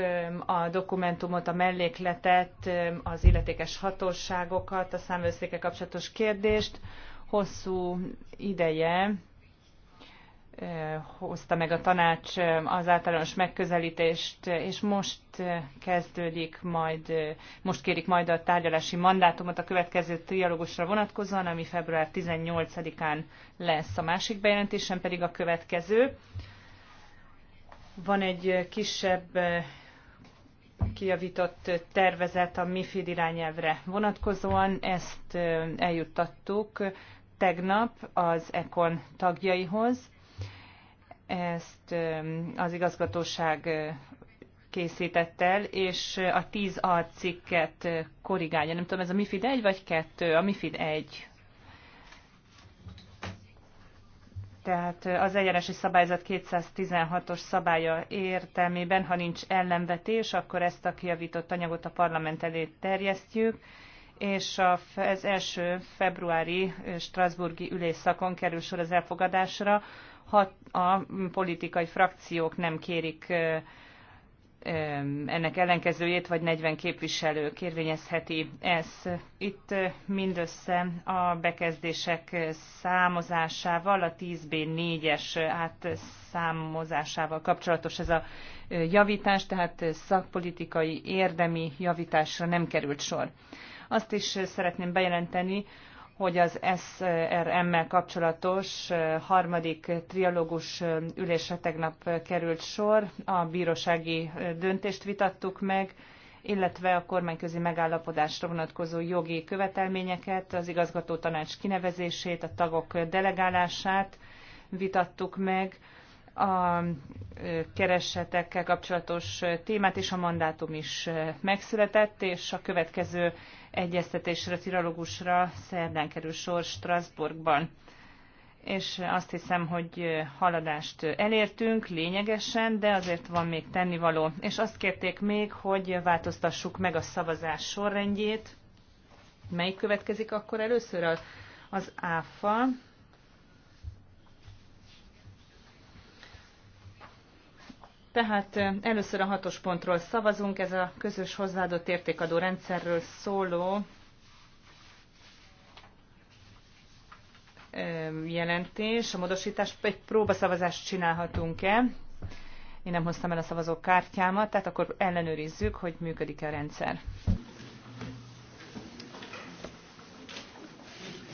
a dokumentumot, a mellékletet, az illetékes hatóságokat, a számvőszéke kapcsolatos kérdést. Hosszú ideje hozta meg a tanács az általános megközelítést, és most kezdődik majd, most kérik majd a tárgyalási mandátumot a következő trialógusra vonatkozóan, ami február 18-án lesz. A másik bejelentésem pedig a következő. Van egy kisebb kijavított tervezet a MIFID irányelvre vonatkozóan, ezt eljuttattuk tegnap az ECON tagjaihoz ezt az igazgatóság készített el, és a 10A cikket korrigálja. Nem tudom, ez a MIFID 1 vagy 2? A MIFID 1. Tehát az egyenesi szabályzat 216-os szabálya értelmében, ha nincs ellenvetés, akkor ezt a kijavított anyagot a parlament elé terjesztjük, és az első februári Strasburgi ülésszakon kerül sor az elfogadásra, hat, a politikai frakciók nem kérik ennek ellenkezőjét, vagy 40 képviselő kérvényezheti ezt. Itt mindössze a bekezdések számozásával, a 10B4-es átszámozásával kapcsolatos ez a javítás, tehát szakpolitikai érdemi javításra nem került sor. Azt is szeretném bejelenteni, hogy az SRM-mel kapcsolatos harmadik trialógus ülésre tegnap került sor. A bírósági döntést vitattuk meg, illetve a kormányközi megállapodásra vonatkozó jogi követelményeket, az igazgató tanács kinevezését, a tagok delegálását vitattuk meg, a keresetekkel kapcsolatos témát, és a mandátum is megszületett, és a következő egyeztetésre, tiralogusra szerdán kerül sor Strasbourgban. És azt hiszem, hogy haladást elértünk lényegesen, de azért van még tennivaló. És azt kérték még, hogy változtassuk meg a szavazás sorrendjét. Melyik következik akkor először? Az ÁFA, Tehát először a hatos pontról szavazunk, ez a közös hozzáadott értékadó rendszerről szóló jelentés, a módosítás, egy próbaszavazást csinálhatunk-e. Én nem hoztam el a szavazókártyámat, tehát akkor ellenőrizzük, hogy működik-e a rendszer.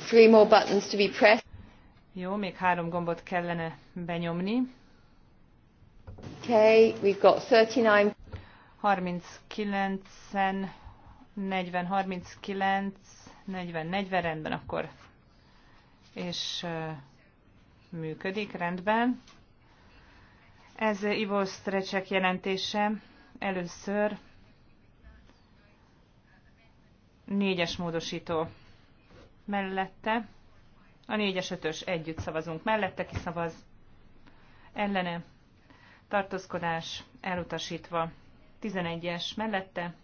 Three more buttons to be pressed. Jó, még három gombot kellene benyomni. Okay, we've got 39. 39 40, 39, 40, 40, rendben akkor. És működik, rendben. Ez Ivo Strecek jelentése. Először négyes módosító mellette. A négyes ötös együtt szavazunk mellette, ki szavaz ellene tartózkodás elutasítva. 11-es mellette,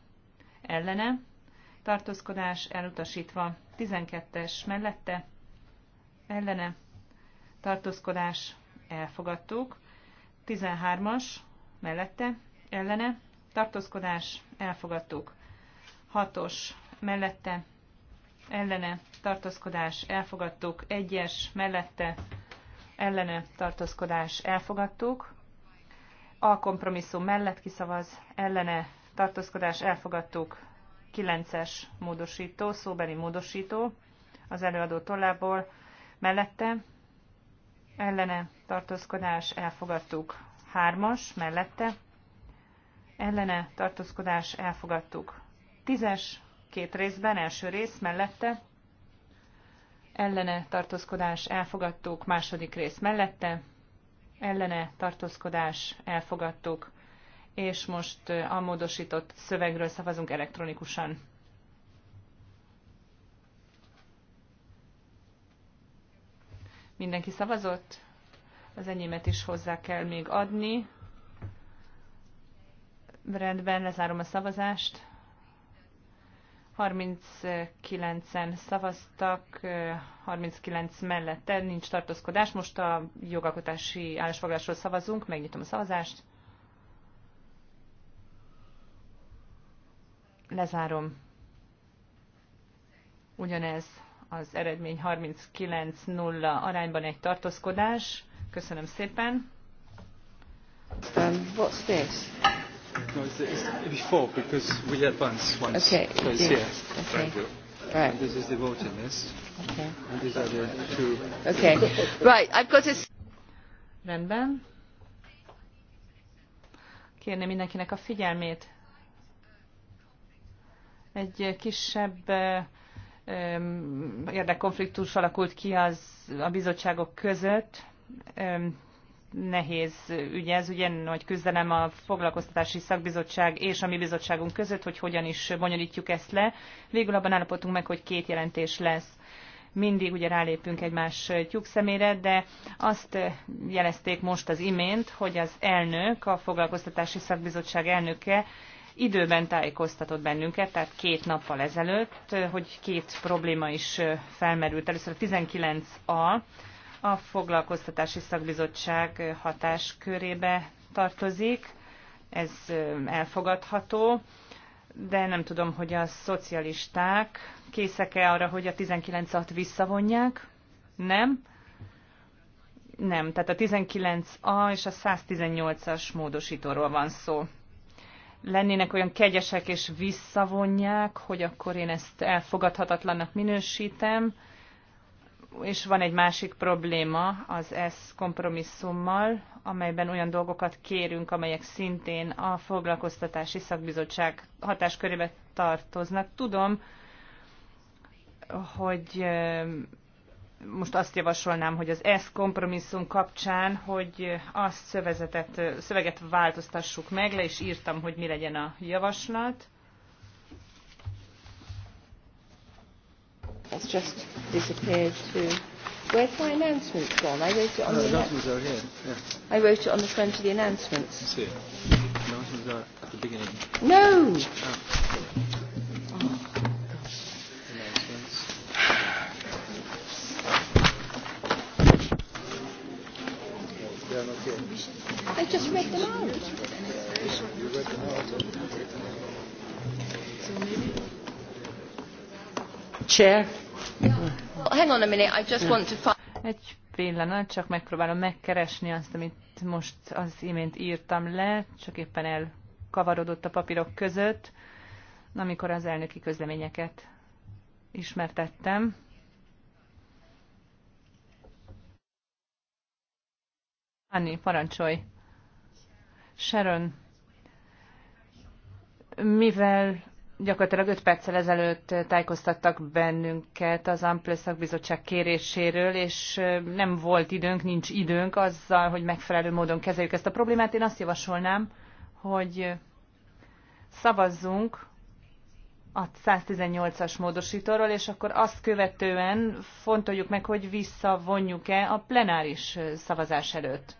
ellene, tartózkodás elutasítva. 12-es mellette, ellene, tartózkodás elfogadtuk. 13-as mellette, ellene, tartózkodás elfogadtuk. 6-os mellette, ellene, tartózkodás elfogadtuk. 1-es mellette, ellene, tartózkodás elfogadtuk. A kompromisszum mellett kiszavaz, ellene tartózkodás elfogadtuk. 9-es módosító, szóbeli módosító az előadó tollából mellette. Ellene tartózkodás elfogadtuk. 3-as mellette. Ellene tartózkodás elfogadtuk. 10-es két részben, első rész mellette. Ellene tartózkodás elfogadtuk, második rész mellette ellene tartózkodás elfogadtuk, és most a módosított szövegről szavazunk elektronikusan. Mindenki szavazott? Az enyémet is hozzá kell még adni. Rendben, lezárom a szavazást. 39-en szavaztak, 39 mellette nincs tartózkodás. Most a jogalkotási állásfoglalásról szavazunk, megnyitom a szavazást. Lezárom. Ugyanez az eredmény 39-0 arányban egy tartózkodás. Köszönöm szépen. Um, what's this? No, it's, it's before because we advance once. Okay. So it's here. Okay. Right. And this is the voting list. Okay. And these are the two. Okay. right. I've got a. Rendben. Kérném mindenkinek a figyelmét. Egy kisebb érdekkonfliktus alakult ki az a bizottságok között nehéz ügy ez, ugye nagy küzdelem a foglalkoztatási szakbizottság és a mi bizottságunk között, hogy hogyan is bonyolítjuk ezt le. Végül abban állapodtunk meg, hogy két jelentés lesz mindig ugye rálépünk egymás tyúk szemére, de azt jelezték most az imént, hogy az elnök, a foglalkoztatási szakbizottság elnöke időben tájékoztatott bennünket, tehát két nappal ezelőtt, hogy két probléma is felmerült. Először a 19A, a foglalkoztatási szakbizottság hatáskörébe tartozik, ez elfogadható, de nem tudom, hogy a szocialisták készek-e arra, hogy a 19-at visszavonják? Nem? Nem, tehát a 19A és a 118-as módosítóról van szó. Lennének olyan kegyesek és visszavonják, hogy akkor én ezt elfogadhatatlannak minősítem, és van egy másik probléma az ESZ kompromisszummal, amelyben olyan dolgokat kérünk, amelyek szintén a foglalkoztatási szakbizottság hatáskörébe tartoznak. Tudom, hogy eh, most azt javasolnám, hogy az ESZ kompromisszum kapcsán, hogy azt szövezetet, szöveget változtassuk meg, le is írtam, hogy mi legyen a javaslat That's just disappeared too. Where's my announcement gone? I wrote it on no, the announcements are here. Yeah. I wrote it on the front of the announcements. You see it. The announcements are at the beginning. No. Oh. I just read them out. So maybe Hang on a minute, I just want to find... Egy pillanat, csak megpróbálom megkeresni azt, amit most az imént írtam le, csak éppen elkavarodott a papírok között, amikor az elnöki közleményeket ismertettem. Anni, parancsolj! Sharon, mivel gyakorlatilag 5 perccel ezelőtt tájékoztattak bennünket az Ample szakbizottság kéréséről, és nem volt időnk, nincs időnk azzal, hogy megfelelő módon kezeljük ezt a problémát. Én azt javasolnám, hogy szavazzunk a 118-as módosítóról, és akkor azt követően fontoljuk meg, hogy visszavonjuk-e a plenáris szavazás előtt.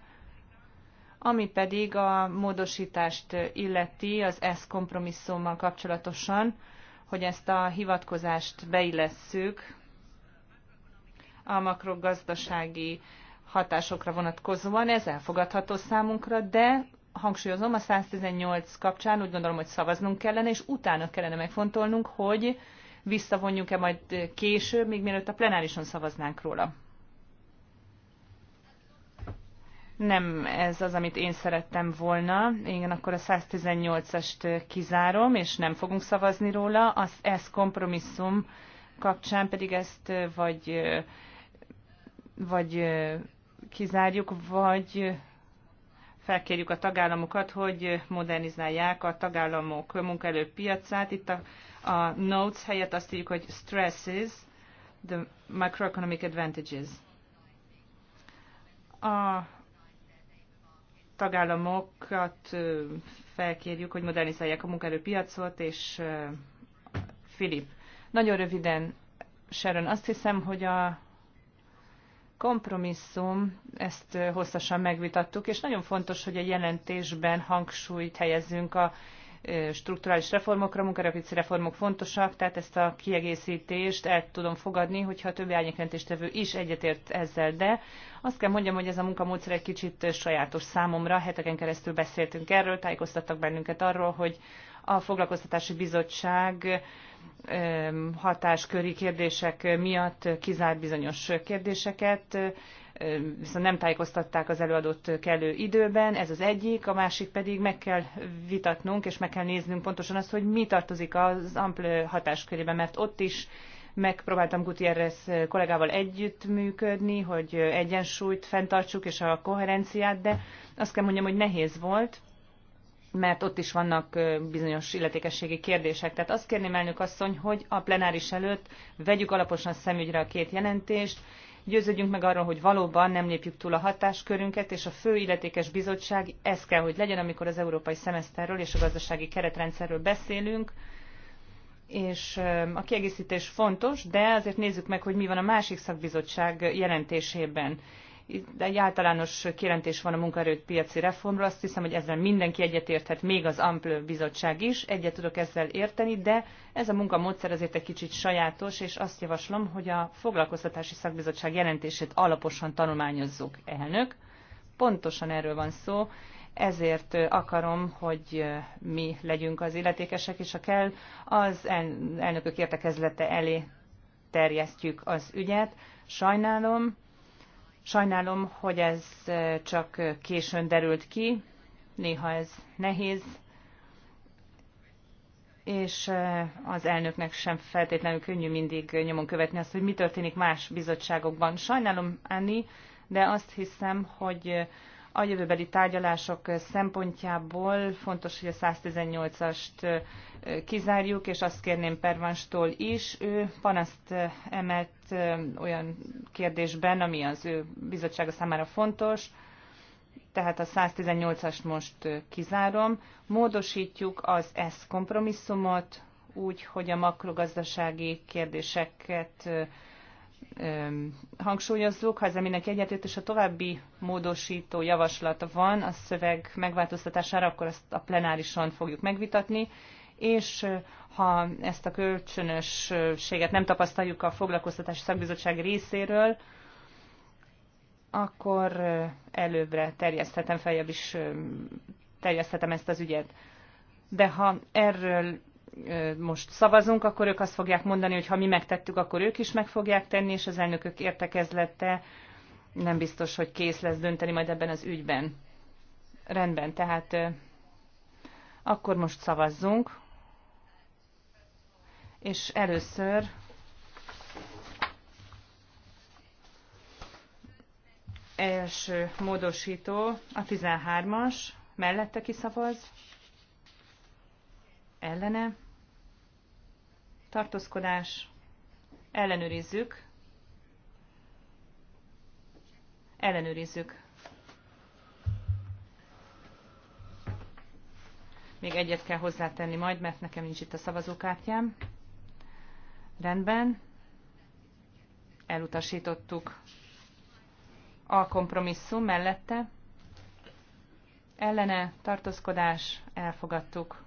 Ami pedig a módosítást illeti az ESZ kompromisszummal kapcsolatosan, hogy ezt a hivatkozást beillesszük a makrogazdasági hatásokra vonatkozóan. Ez elfogadható számunkra, de hangsúlyozom, a 118 kapcsán úgy gondolom, hogy szavaznunk kellene, és utána kellene megfontolnunk, hogy visszavonjuk-e majd később, még mielőtt a plenárison szavaznánk róla. nem ez az, amit én szerettem volna. Igen, akkor a 118-ast kizárom, és nem fogunk szavazni róla. Az ez kompromisszum kapcsán pedig ezt vagy, vagy kizárjuk, vagy felkérjük a tagállamokat, hogy modernizálják a tagállamok munkaerőpiacát. Itt a, a notes helyett azt írjuk, hogy stresses the macroeconomic advantages. A tagállamokat felkérjük, hogy modernizálják a munkaerőpiacot, és Filip, nagyon röviden, Sharon, azt hiszem, hogy a kompromisszum, ezt hosszasan megvitattuk, és nagyon fontos, hogy a jelentésben hangsúlyt helyezzünk a strukturális reformokra, munkerőpici reformok fontosak, tehát ezt a kiegészítést el tudom fogadni, hogyha a többi árnyékrendtéstevő is egyetért ezzel, de azt kell mondjam, hogy ez a munkamódszer egy kicsit sajátos számomra. Heteken keresztül beszéltünk erről, tájékoztattak bennünket arról, hogy a foglalkoztatási bizottság hatásköri kérdések miatt kizárt bizonyos kérdéseket, viszont nem tájékoztatták az előadót kellő időben, ez az egyik, a másik pedig meg kell vitatnunk, és meg kell néznünk pontosan azt, hogy mi tartozik az ampl hatáskörében, mert ott is megpróbáltam Gutierrez kollégával együttműködni, hogy egyensúlyt fenntartsuk, és a koherenciát, de azt kell mondjam, hogy nehéz volt, mert ott is vannak bizonyos illetékességi kérdések. Tehát azt kérném elnök asszony, hogy a plenáris előtt vegyük alaposan szemügyre a két jelentést, győződjünk meg arról, hogy valóban nem lépjük túl a hatáskörünket, és a fő illetékes bizottság ez kell, hogy legyen, amikor az európai szemeszterről és a gazdasági keretrendszerről beszélünk, és a kiegészítés fontos, de azért nézzük meg, hogy mi van a másik szakbizottság jelentésében egy általános kérentés van a munkaerőt piaci reformról, azt hiszem, hogy ezzel mindenki egyetérthet, még az Amplő Bizottság is, egyet tudok ezzel érteni, de ez a munkamódszer azért egy kicsit sajátos, és azt javaslom, hogy a foglalkoztatási szakbizottság jelentését alaposan tanulmányozzuk, elnök. Pontosan erről van szó, ezért akarom, hogy mi legyünk az illetékesek, és ha kell, az elnökök értekezlete elé terjesztjük az ügyet. Sajnálom, Sajnálom, hogy ez csak későn derült ki, néha ez nehéz, és az elnöknek sem feltétlenül könnyű mindig nyomon követni azt, hogy mi történik más bizottságokban. Sajnálom, Anni, de azt hiszem, hogy a jövőbeli tárgyalások szempontjából fontos, hogy a 118-ast kizárjuk, és azt kérném Pervanstól is. Ő panaszt emelt olyan kérdésben, ami az ő bizottsága számára fontos, tehát a 118-ast most kizárom. Módosítjuk az S kompromisszumot, úgy, hogy a makrogazdasági kérdéseket hangsúlyozzuk, ha ezzel mindenki egyetért, és a további módosító javaslata van a szöveg megváltoztatására, akkor azt a plenárison fogjuk megvitatni, és ha ezt a kölcsönösséget nem tapasztaljuk a foglalkoztatási szakbizottság részéről, akkor előbbre terjeszthetem, feljebb is terjeszthetem ezt az ügyet. De ha erről most szavazunk, akkor ők azt fogják mondani, hogy ha mi megtettük, akkor ők is meg fogják tenni, és az elnökök értekezlette nem biztos, hogy kész lesz dönteni majd ebben az ügyben. Rendben, tehát akkor most szavazzunk. És először első módosító, a 13-as, mellette kiszavaz. szavaz ellene, tartózkodás, ellenőrizzük, ellenőrizzük. Még egyet kell hozzátenni majd, mert nekem nincs itt a szavazókártyám. Rendben. Elutasítottuk a kompromisszum mellette. Ellene tartózkodás, elfogadtuk.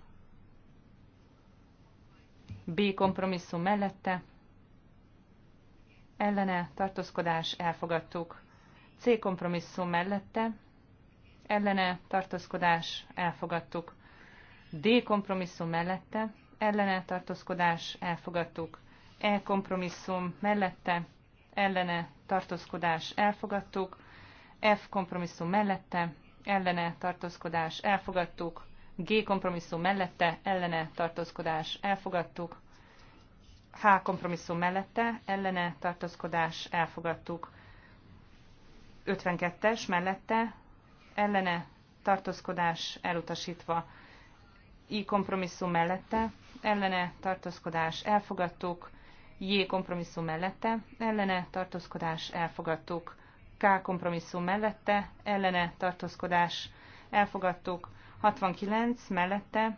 B kompromisszum mellette, ellene tartózkodás elfogadtuk. C kompromisszum mellette, ellene tartózkodás elfogadtuk. D kompromisszum mellette, ellene tartózkodás elfogadtuk. E kompromisszum mellette, ellene tartózkodás elfogadtuk. F kompromisszum mellette, ellene tartózkodás elfogadtuk. G kompromisszum mellette, ellene tartózkodás elfogadtuk. H kompromisszum mellette, ellene tartózkodás elfogadtuk. 52-es mellette, ellene tartózkodás elutasítva. I kompromisszum mellette, ellene tartózkodás elfogadtuk. J kompromisszum mellette, ellene tartózkodás elfogadtuk. K kompromisszum mellette, ellene tartózkodás elfogadtuk. 69 mellette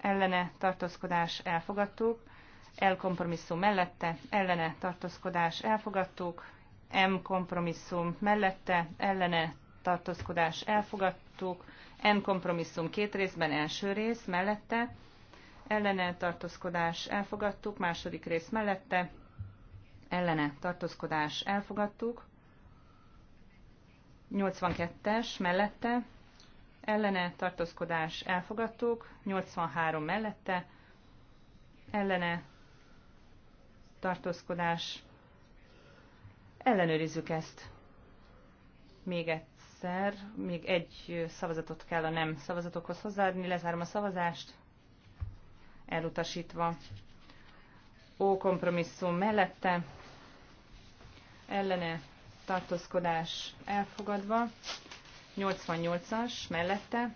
ellene tartózkodás elfogadtuk, L kompromisszum mellette ellene tartózkodás elfogadtuk, M kompromisszum mellette ellene tartózkodás elfogadtuk, N kompromisszum két részben első rész mellette ellene tartózkodás elfogadtuk, második rész mellette ellene tartózkodás elfogadtuk, 82-es mellette ellene tartózkodás elfogadtuk, 83 mellette, ellene tartózkodás ellenőrizzük ezt. Még egyszer, még egy szavazatot kell a nem szavazatokhoz hozzáadni, lezárom a szavazást, elutasítva. Ó kompromisszum mellette, ellene tartózkodás elfogadva, 88-as mellette,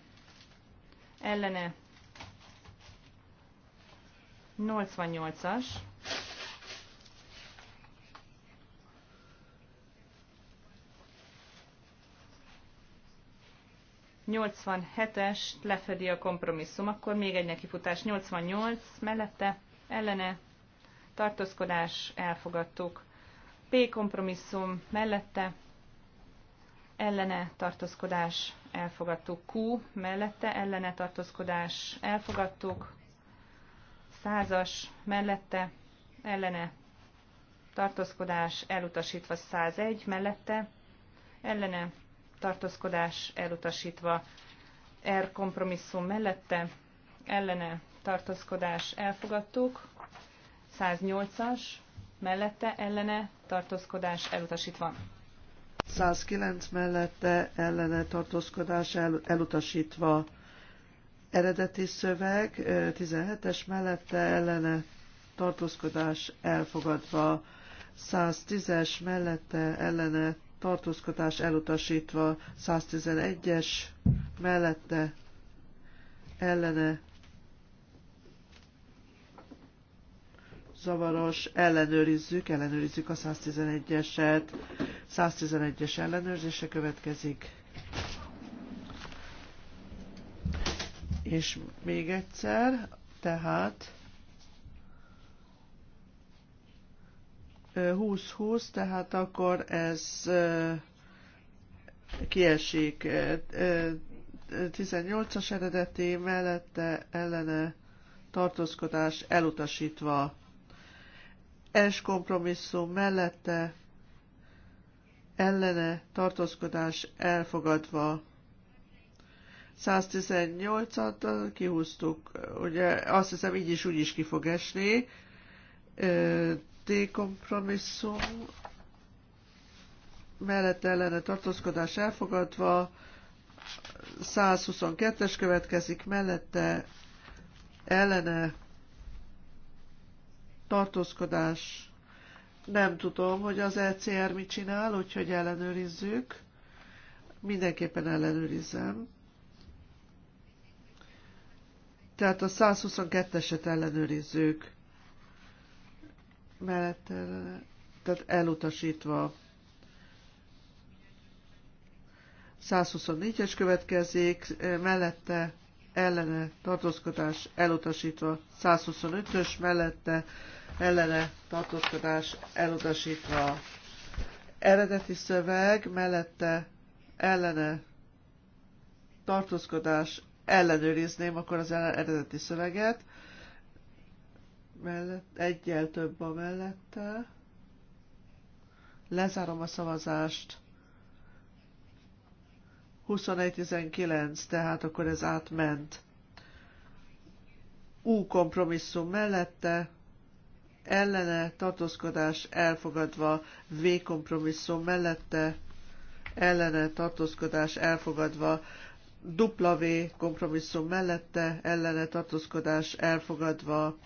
ellene 88-as, es lefedi a kompromisszum, akkor még egy nekifutás 88 mellette, ellene, tartózkodás, elfogadtuk. P kompromisszum mellette, ellene tartózkodás elfogadtuk, Q mellette ellene tartózkodás elfogadtuk, százas mellette ellene tartózkodás elutasítva 101 mellette, ellene tartózkodás elutasítva R kompromisszum mellette, ellene tartózkodás elfogadtuk, 108-as mellette ellene tartózkodás elutasítva 109 mellette ellene tartózkodás el, elutasítva. Eredeti szöveg 17-es mellette ellene tartózkodás elfogadva. 110-es mellette ellene tartózkodás elutasítva. 111-es mellette ellene zavaros, ellenőrizzük, ellenőrizzük a 111-eset. 111-es ellenőrzése következik. És még egyszer, tehát 20-20, tehát akkor ez kiesik 18-as eredeté mellette ellene tartózkodás elutasítva ens kompromisszum mellette ellene tartózkodás elfogadva. 118-at kihúztuk, ugye azt hiszem így is úgy is ki fog esni. D kompromisszum mellette ellene tartózkodás elfogadva. 122-es következik mellette ellene tartózkodás. Nem tudom, hogy az ECR mit csinál, úgyhogy ellenőrizzük. Mindenképpen ellenőrizem. Tehát a 122-eset ellenőrizzük. Mellett, tehát elutasítva. 124-es következik, mellette ellene tartózkodás elutasítva, 125-ös mellette ellene tartózkodás elutasítva. Eredeti szöveg mellette ellene tartózkodás ellenőrizném akkor az eredeti szöveget. Mellett, egyel több a mellette. Lezárom a szavazást. 21-19, tehát akkor ez átment. U kompromisszum mellette, ellene tartózkodás elfogadva, V kompromisszum mellette ellene tartózkodás elfogadva, V kompromisszum mellette ellene tartózkodás elfogadva,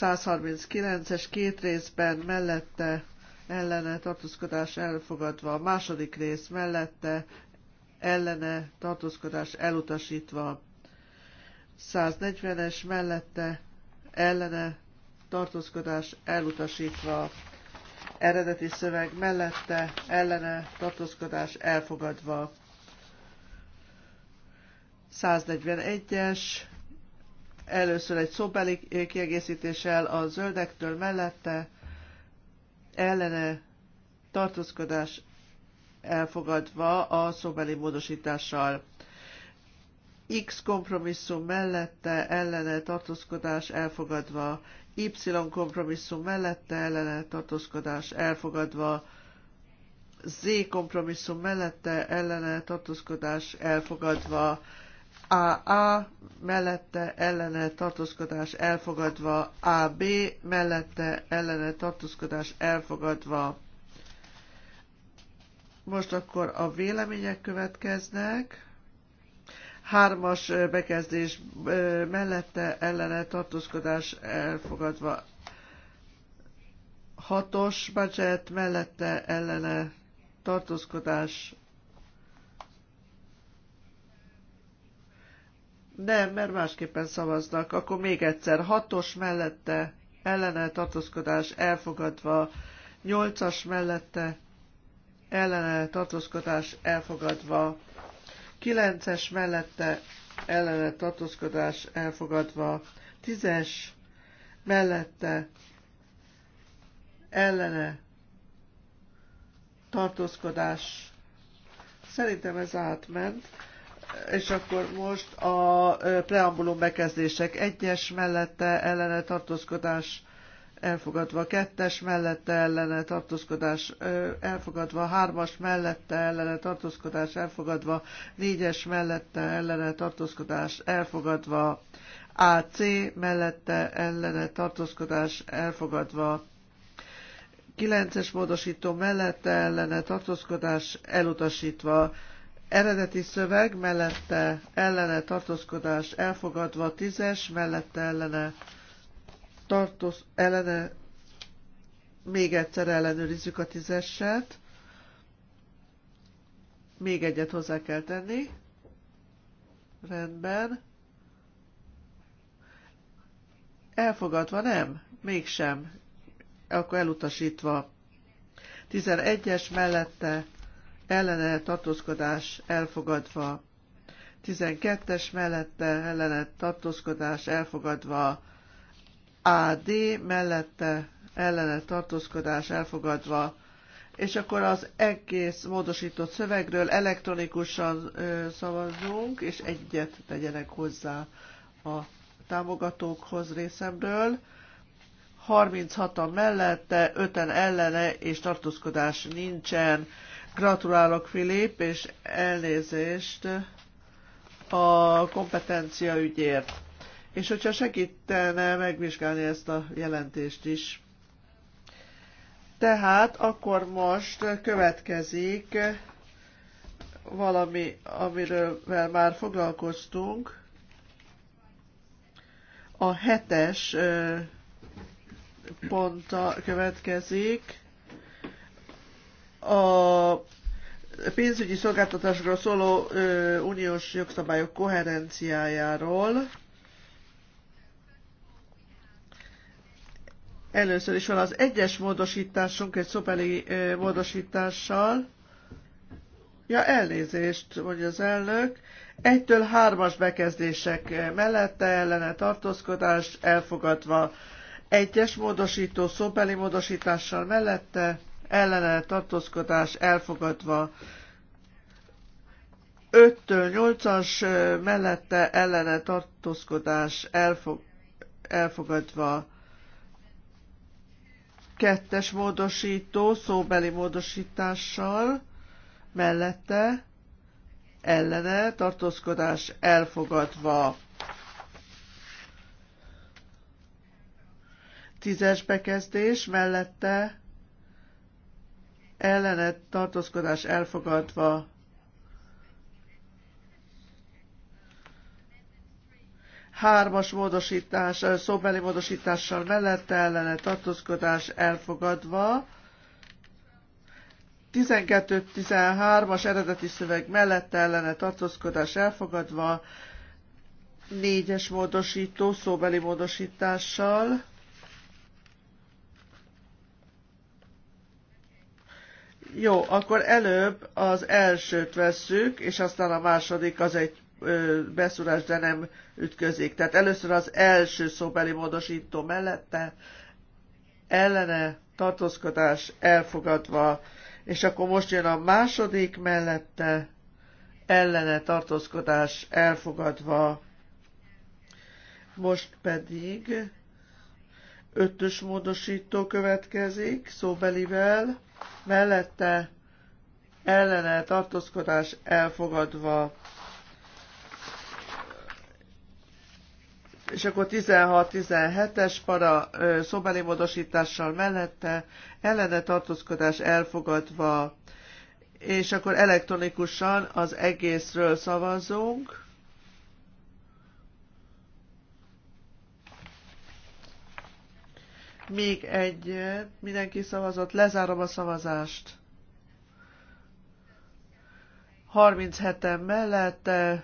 139-es két részben mellette ellene tartózkodás elfogadva, második rész mellette ellene tartózkodás elutasítva, 140-es mellette ellene tartózkodás elutasítva. Eredeti szöveg mellette, ellene, tartózkodás elfogadva. 141-es, először egy szóbeli kiegészítéssel a zöldektől mellette, ellene, tartózkodás elfogadva a szóbeli módosítással. X kompromisszum mellette ellene tartózkodás elfogadva, Y kompromisszum mellette ellene tartózkodás elfogadva, Z kompromisszum mellette ellene tartózkodás elfogadva, AA mellette ellene tartózkodás elfogadva, AB mellette ellene tartózkodás elfogadva. Most akkor a vélemények következnek hármas bekezdés mellette ellene tartózkodás elfogadva. Hatos budget mellette ellene tartózkodás Nem, mert másképpen szavaznak. Akkor még egyszer. Hatos mellette ellene tartózkodás elfogadva. Nyolcas mellette ellene tartózkodás elfogadva. 9-es mellette ellene tartózkodás elfogadva, 10-es mellette ellene tartózkodás. Szerintem ez átment. És akkor most a preambulum bekezdések egyes mellette ellene tartózkodás elfogadva kettes mellette ellene tartózkodás elfogadva, hármas mellette ellene tartózkodás elfogadva, négyes mellette ellene tartózkodás elfogadva, AC mellette ellene tartózkodás elfogadva, kilences módosító mellette ellene tartózkodás elutasítva, Eredeti szöveg mellette ellene tartózkodás elfogadva, tízes mellette ellene tartoz ellene, még egyszer ellenőrizzük a tízeset. Még egyet hozzá kell tenni. Rendben. Elfogadva, nem? Mégsem. Akkor elutasítva. 11-es mellette ellene tartózkodás elfogadva. 12-es mellette ellene tartózkodás elfogadva. AD mellette ellene tartózkodás elfogadva, és akkor az egész módosított szövegről elektronikusan szavazzunk, és egyet tegyenek hozzá a támogatókhoz részemről. 36-an mellette, 5-en ellene, és tartózkodás nincsen. Gratulálok, Filip, és elnézést a kompetencia ügyért és hogyha segítene megvizsgálni ezt a jelentést is. Tehát akkor most következik valami, amiről már foglalkoztunk, a hetes ponta következik. A pénzügyi szolgáltatásról szóló ö, uniós jogszabályok koherenciájáról. Először is van az egyes módosításunk egy szobeli módosítással. Ja, elnézést, mondja az elnök. Egytől hármas bekezdések mellette ellene tartózkodás elfogadva. Egyes módosító szóbeli módosítással mellette ellene tartózkodás elfogadva. 5-től 8-as mellette ellene tartózkodás elfog, elfogadva kettes módosító szóbeli módosítással mellette ellene tartózkodás elfogadva. Tízes bekezdés mellette ellene tartózkodás elfogadva. Hármas módosítás, szóbeli módosítással mellette ellene tartózkodás elfogadva. 12-13-as eredeti szöveg mellette ellene tartózkodás elfogadva, négyes módosító szóbeli módosítással, Jó, akkor előbb az elsőt vesszük, és aztán a második az egy beszúrás, de nem ütközik. Tehát először az első szóbeli módosító mellette ellene tartózkodás elfogadva, és akkor most jön a második mellette ellene tartózkodás elfogadva. Most pedig ötös módosító következik szóbelivel, mellette ellene tartózkodás elfogadva. és akkor 16-17-es para szobeli módosítással mellette ellene tartózkodás elfogadva, és akkor elektronikusan az egészről szavazunk. Még egy, mindenki szavazott, lezárom a szavazást. 37-en mellette,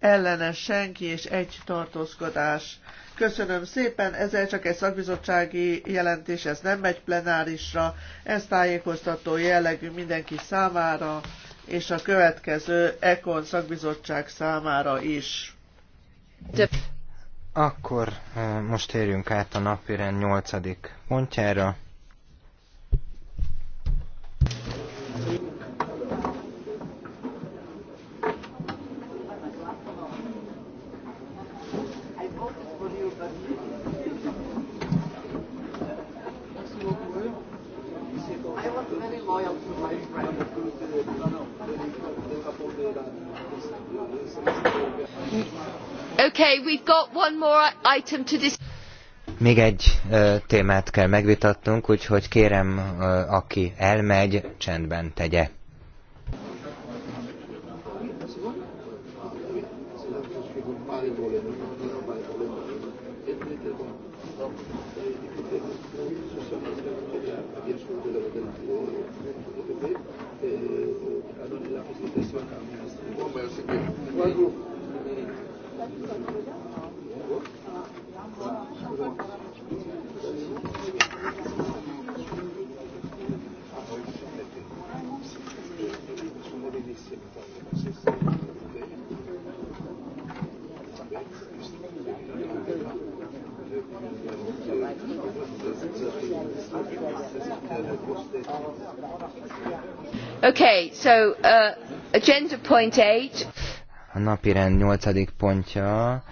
ellene senki és egy tartózkodás. Köszönöm szépen, ezzel csak egy szakbizottsági jelentés, ez nem megy plenárisra, ez tájékoztató jellegű mindenki számára, és a következő EKON szakbizottság számára is. Akkor eh, most térjünk át a napirend 8. pontjára. Még egy témát kell megvitatnunk, úgyhogy kérem, aki elmegy, csendben tegye. A napirend 8. pontja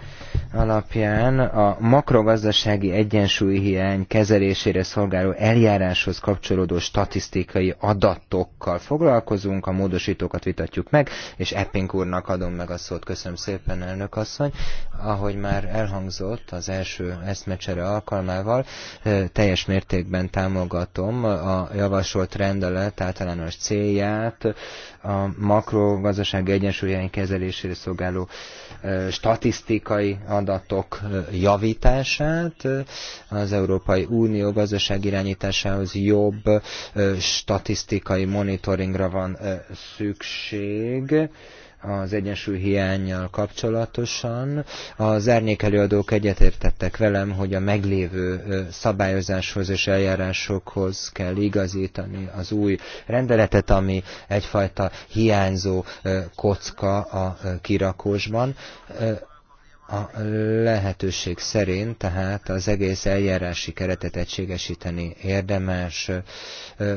alapján a makrogazdasági egyensúlyhiány kezelésére szolgáló eljáráshoz kapcsolódó statisztikai adatokkal foglalkozunk, a módosítókat vitatjuk meg, és Epping úrnak adom meg a szót. Köszönöm szépen, elnök asszony ahogy már elhangzott az első eszmecsere alkalmával, teljes mértékben támogatom a javasolt rendelet általános célját, a makrogazdaság egyensúlyáink kezelésére szolgáló statisztikai adatok javítását, az Európai Unió gazdaság irányításához jobb statisztikai monitoringra van szükség, az hiányjal kapcsolatosan. Az árnyékelőadók egyetértettek velem, hogy a meglévő szabályozáshoz és eljárásokhoz kell igazítani az új rendeletet, ami egyfajta hiányzó kocka a kirakósban a lehetőség szerint, tehát az egész eljárási keretet egységesíteni érdemes.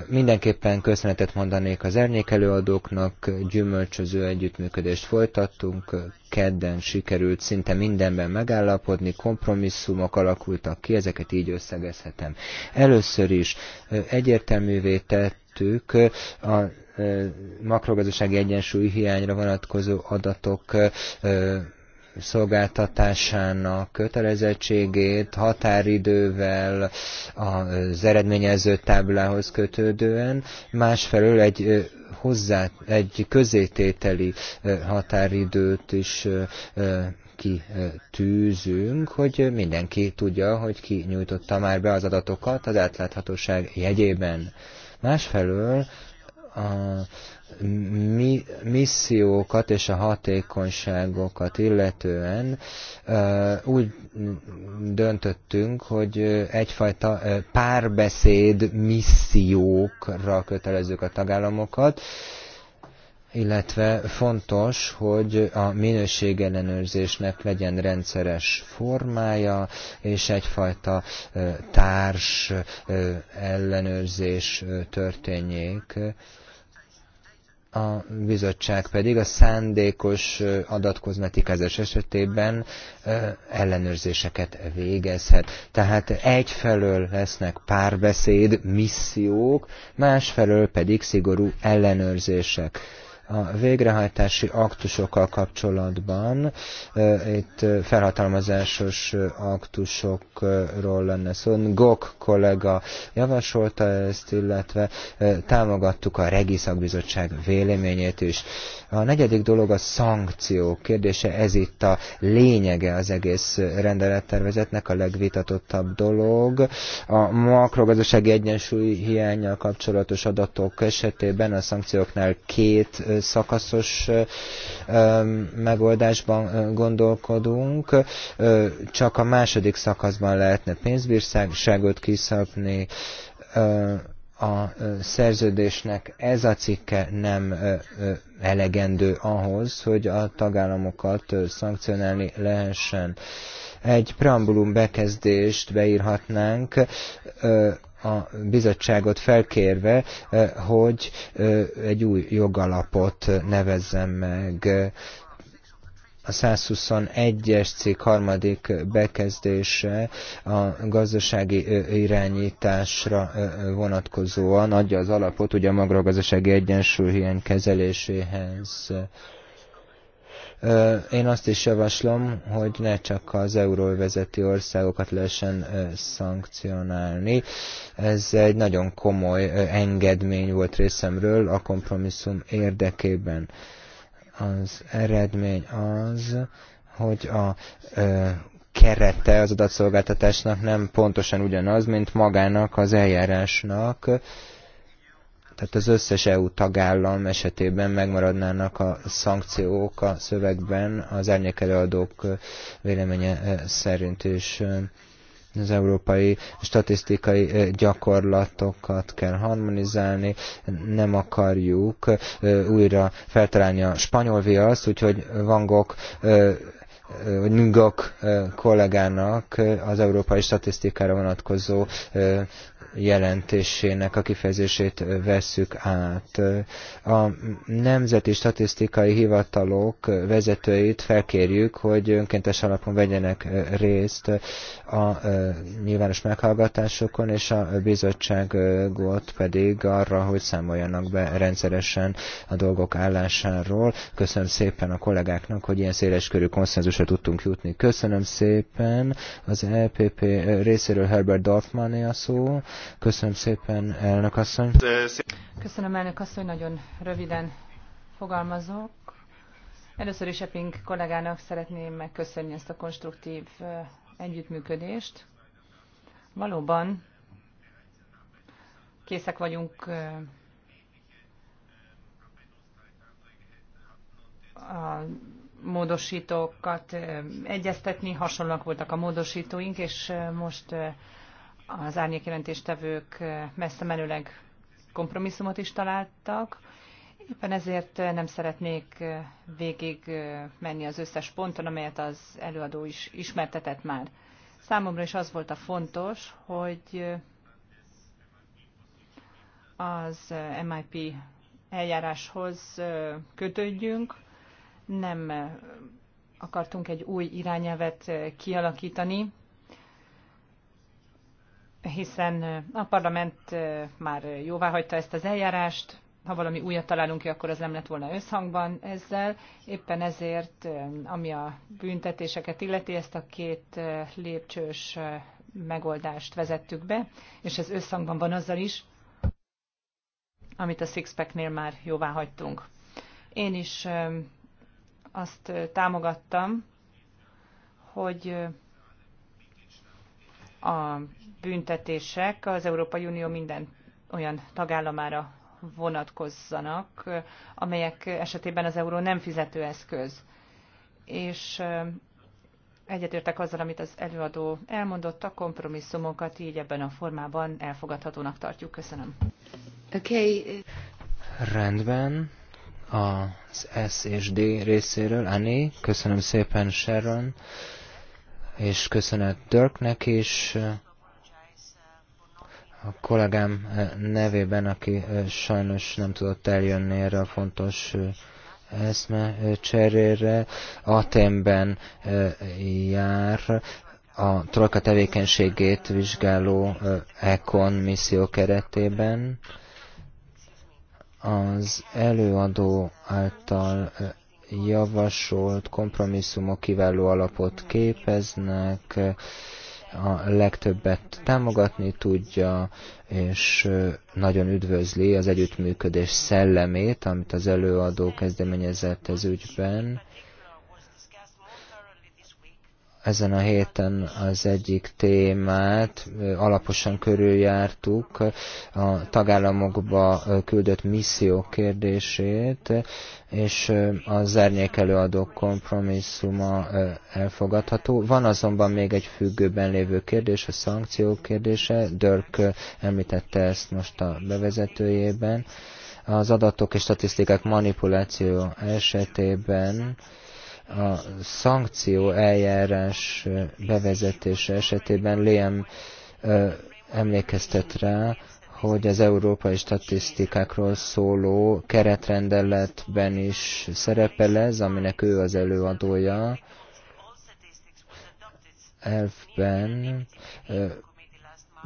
Mindenképpen köszönetet mondanék az ernyékelőadóknak, gyümölcsöző együttműködést folytattunk, kedden sikerült szinte mindenben megállapodni, kompromisszumok alakultak ki, ezeket így összegezhetem. Először is egyértelművé tettük a makrogazdasági egyensúly hiányra vonatkozó adatok szolgáltatásának kötelezettségét határidővel az eredményező táblához kötődően, másfelől egy hozzá, egy közétételi határidőt is kitűzünk, hogy mindenki tudja, hogy ki nyújtotta már be az adatokat az átláthatóság jegyében. Másfelől a mi, missziókat és a hatékonyságokat illetően úgy döntöttünk, hogy egyfajta párbeszéd missziókra kötelezzük a tagállamokat, illetve fontos, hogy a minőségellenőrzésnek legyen rendszeres formája, és egyfajta társ ellenőrzés történjék a bizottság pedig a szándékos adatkozmetikázás esetében ellenőrzéseket végezhet. Tehát egyfelől lesznek párbeszéd, missziók, másfelől pedig szigorú ellenőrzések a végrehajtási aktusokkal kapcsolatban, itt felhatalmazásos aktusokról lenne szó, szóval Gok kollega javasolta ezt, illetve támogattuk a Regiszakbizottság véleményét is. A negyedik dolog a szankció kérdése, ez itt a lényege az egész rendelettervezetnek, a legvitatottabb dolog. A makrogazdasági egyensúly hiányjal kapcsolatos adatok esetében a szankcióknál két szakaszos megoldásban gondolkodunk, csak a második szakaszban lehetne pénzbírságot kiszabni, a szerződésnek ez a cikke nem elegendő ahhoz, hogy a tagállamokat szankcionálni lehessen. Egy preambulum bekezdést beírhatnánk, a bizottságot felkérve, hogy egy új jogalapot nevezzen meg a 121-es cikk harmadik bekezdése a gazdasági irányításra vonatkozóan adja az alapot ugye a magrogazdasági egyensúlyhiány kezeléséhez. Én azt is javaslom, hogy ne csak az euróvezeti országokat lehessen szankcionálni. Ez egy nagyon komoly engedmény volt részemről a kompromisszum érdekében. Az eredmény az, hogy a ö, kerete az adatszolgáltatásnak nem pontosan ugyanaz, mint magának az eljárásnak. Tehát az összes EU tagállam esetében megmaradnának a szankciók a szövegben az árnyékelőadók véleménye szerint is az európai statisztikai eh, gyakorlatokat kell harmonizálni, nem akarjuk eh, újra feltalálni a spanyol viaszt, úgyhogy vangok eh, vagy Ngok kollégának az európai statisztikára vonatkozó jelentésének a kifejezését vesszük át. A nemzeti statisztikai hivatalok vezetőit felkérjük, hogy önkéntes alapon vegyenek részt a nyilvános meghallgatásokon, és a bizottságot pedig arra, hogy számoljanak be rendszeresen a dolgok állásáról. Köszönöm szépen a kollégáknak, hogy ilyen széleskörű konszenzus döntésre tudtunk jutni. Köszönöm szépen az EPP részéről Herbert Dorfmanné a szó. Köszönöm szépen, elnök asszony. Köszönöm, elnök asszony, nagyon röviden fogalmazok. Először is Epping kollégának szeretném megköszönni ezt a konstruktív együttműködést. Valóban készek vagyunk a módosítókat egyeztetni, hasonlóak voltak a módosítóink, és most az árnyékjelentéstevők messze menőleg kompromisszumot is találtak. Éppen ezért nem szeretnék végig menni az összes ponton, amelyet az előadó is ismertetett már. Számomra is az volt a fontos, hogy az MIP eljáráshoz kötődjünk, nem akartunk egy új irányelvet kialakítani, hiszen a parlament már jóvá hagyta ezt az eljárást, ha valami újat találunk ki, akkor az nem lett volna összhangban ezzel. Éppen ezért, ami a büntetéseket illeti, ezt a két lépcsős megoldást vezettük be, és ez összhangban van azzal is, amit a Sixpacknél már jóvá hagytunk. Én is azt támogattam, hogy a büntetések az Európai Unió minden olyan tagállamára vonatkozzanak, amelyek esetében az euró nem fizető eszköz. És egyetértek azzal, amit az előadó elmondott, a kompromisszumokat így ebben a formában elfogadhatónak tartjuk. Köszönöm. Okay. Rendben az S és D részéről. Ani, köszönöm szépen Sharon, és köszönet Dirknek is a kollégám eh, nevében, aki eh, sajnos nem tudott eljönni erre a fontos eh, eszme cserére. Atenben jár a trojka tevékenységét vizsgáló ECON misszió keretében az előadó által javasolt kompromisszumok kiváló alapot képeznek, a legtöbbet támogatni tudja, és nagyon üdvözli az együttműködés szellemét, amit az előadó kezdeményezett ez ügyben ezen a héten az egyik témát alaposan körüljártuk, a tagállamokba küldött misszió kérdését, és az árnyékelőadók kompromisszuma elfogadható. Van azonban még egy függőben lévő kérdés, a szankciók kérdése. Dörk említette ezt most a bevezetőjében. Az adatok és statisztikák manipuláció esetében a szankció eljárás bevezetése esetében Liam emlékeztet rá, hogy az európai statisztikákról szóló keretrendeletben is szerepel ez, aminek ő az előadója. Elfben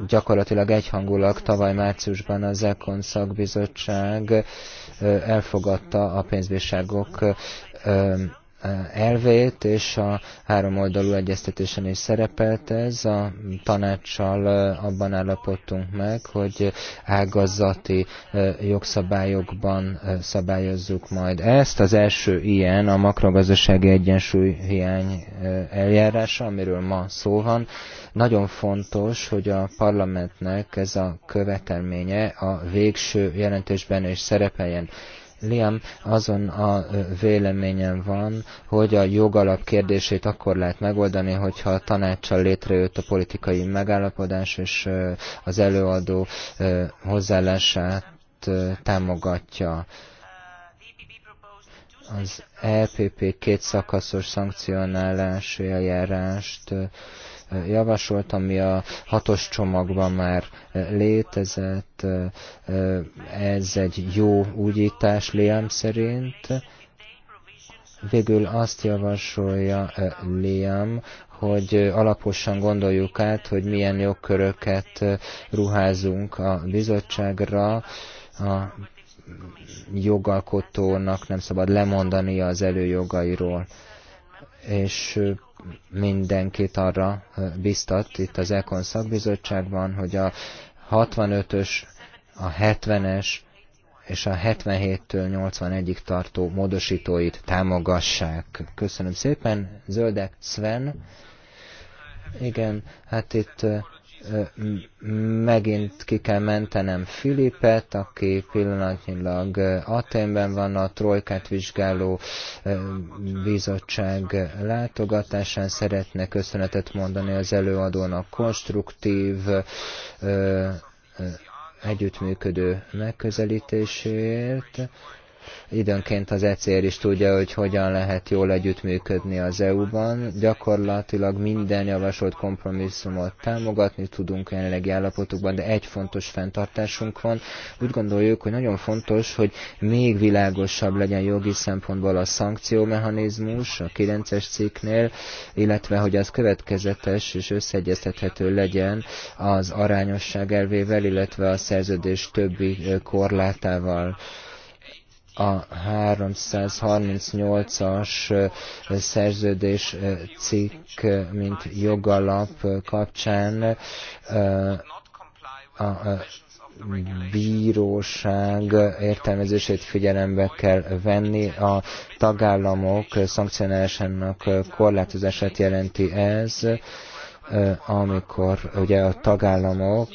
gyakorlatilag egyhangulag tavaly márciusban az ECON szakbizottság elfogadta a pénzbírságok Eh, elvét, és a három oldalú egyeztetésen is szerepelt ez. A tanácssal eh, abban állapodtunk meg, hogy ágazati eh, jogszabályokban szabályozzuk majd ezt. Az első ilyen a makrogazdasági egyensúly hiány eljárása, amiről ma szó van. Nagyon fontos, hogy a parlamentnek ez a követelménye a végső jelentésben is szerepeljen. Liam azon a véleményen van, hogy a jogalap kérdését akkor lehet megoldani, hogyha a tanácssal létrejött a politikai megállapodás, és az előadó hozzáállását támogatja az EPP két szakaszos szankcionálási eljárást javasolt, ami a hatos csomagban már létezett. Ez egy jó úgyítás Liam szerint. Végül azt javasolja Liam, hogy alaposan gondoljuk át, hogy milyen jogköröket ruházunk a bizottságra, a jogalkotónak nem szabad lemondani az előjogairól. És mindenkit arra biztat itt az Ekon szakbizottságban, hogy a 65-ös, a 70-es és a 77-től 81-ig tartó módosítóit támogassák. Köszönöm szépen. Zöldek Sven. Igen, hát itt megint ki kell mentenem Filipet, aki pillanatnyilag Aténben van a Trojkát vizsgáló bizottság látogatásán. Szeretne köszönetet mondani az előadónak konstruktív együttműködő megközelítéséért. Időnként az ECR is tudja, hogy hogyan lehet jól együttműködni az EU-ban. Gyakorlatilag minden javasolt kompromisszumot támogatni tudunk jelenlegi állapotokban, de egy fontos fenntartásunk van. Úgy gondoljuk, hogy nagyon fontos, hogy még világosabb legyen jogi szempontból a szankciómechanizmus a 9-es cikknél, illetve hogy az következetes és összeegyeztethető legyen az arányosság elvével, illetve a szerződés többi korlátával a 338-as szerződés cikk, mint jogalap kapcsán a bíróság értelmezését figyelembe kell venni. A tagállamok szankcionálásának korlátozását jelenti ez, amikor ugye a tagállamok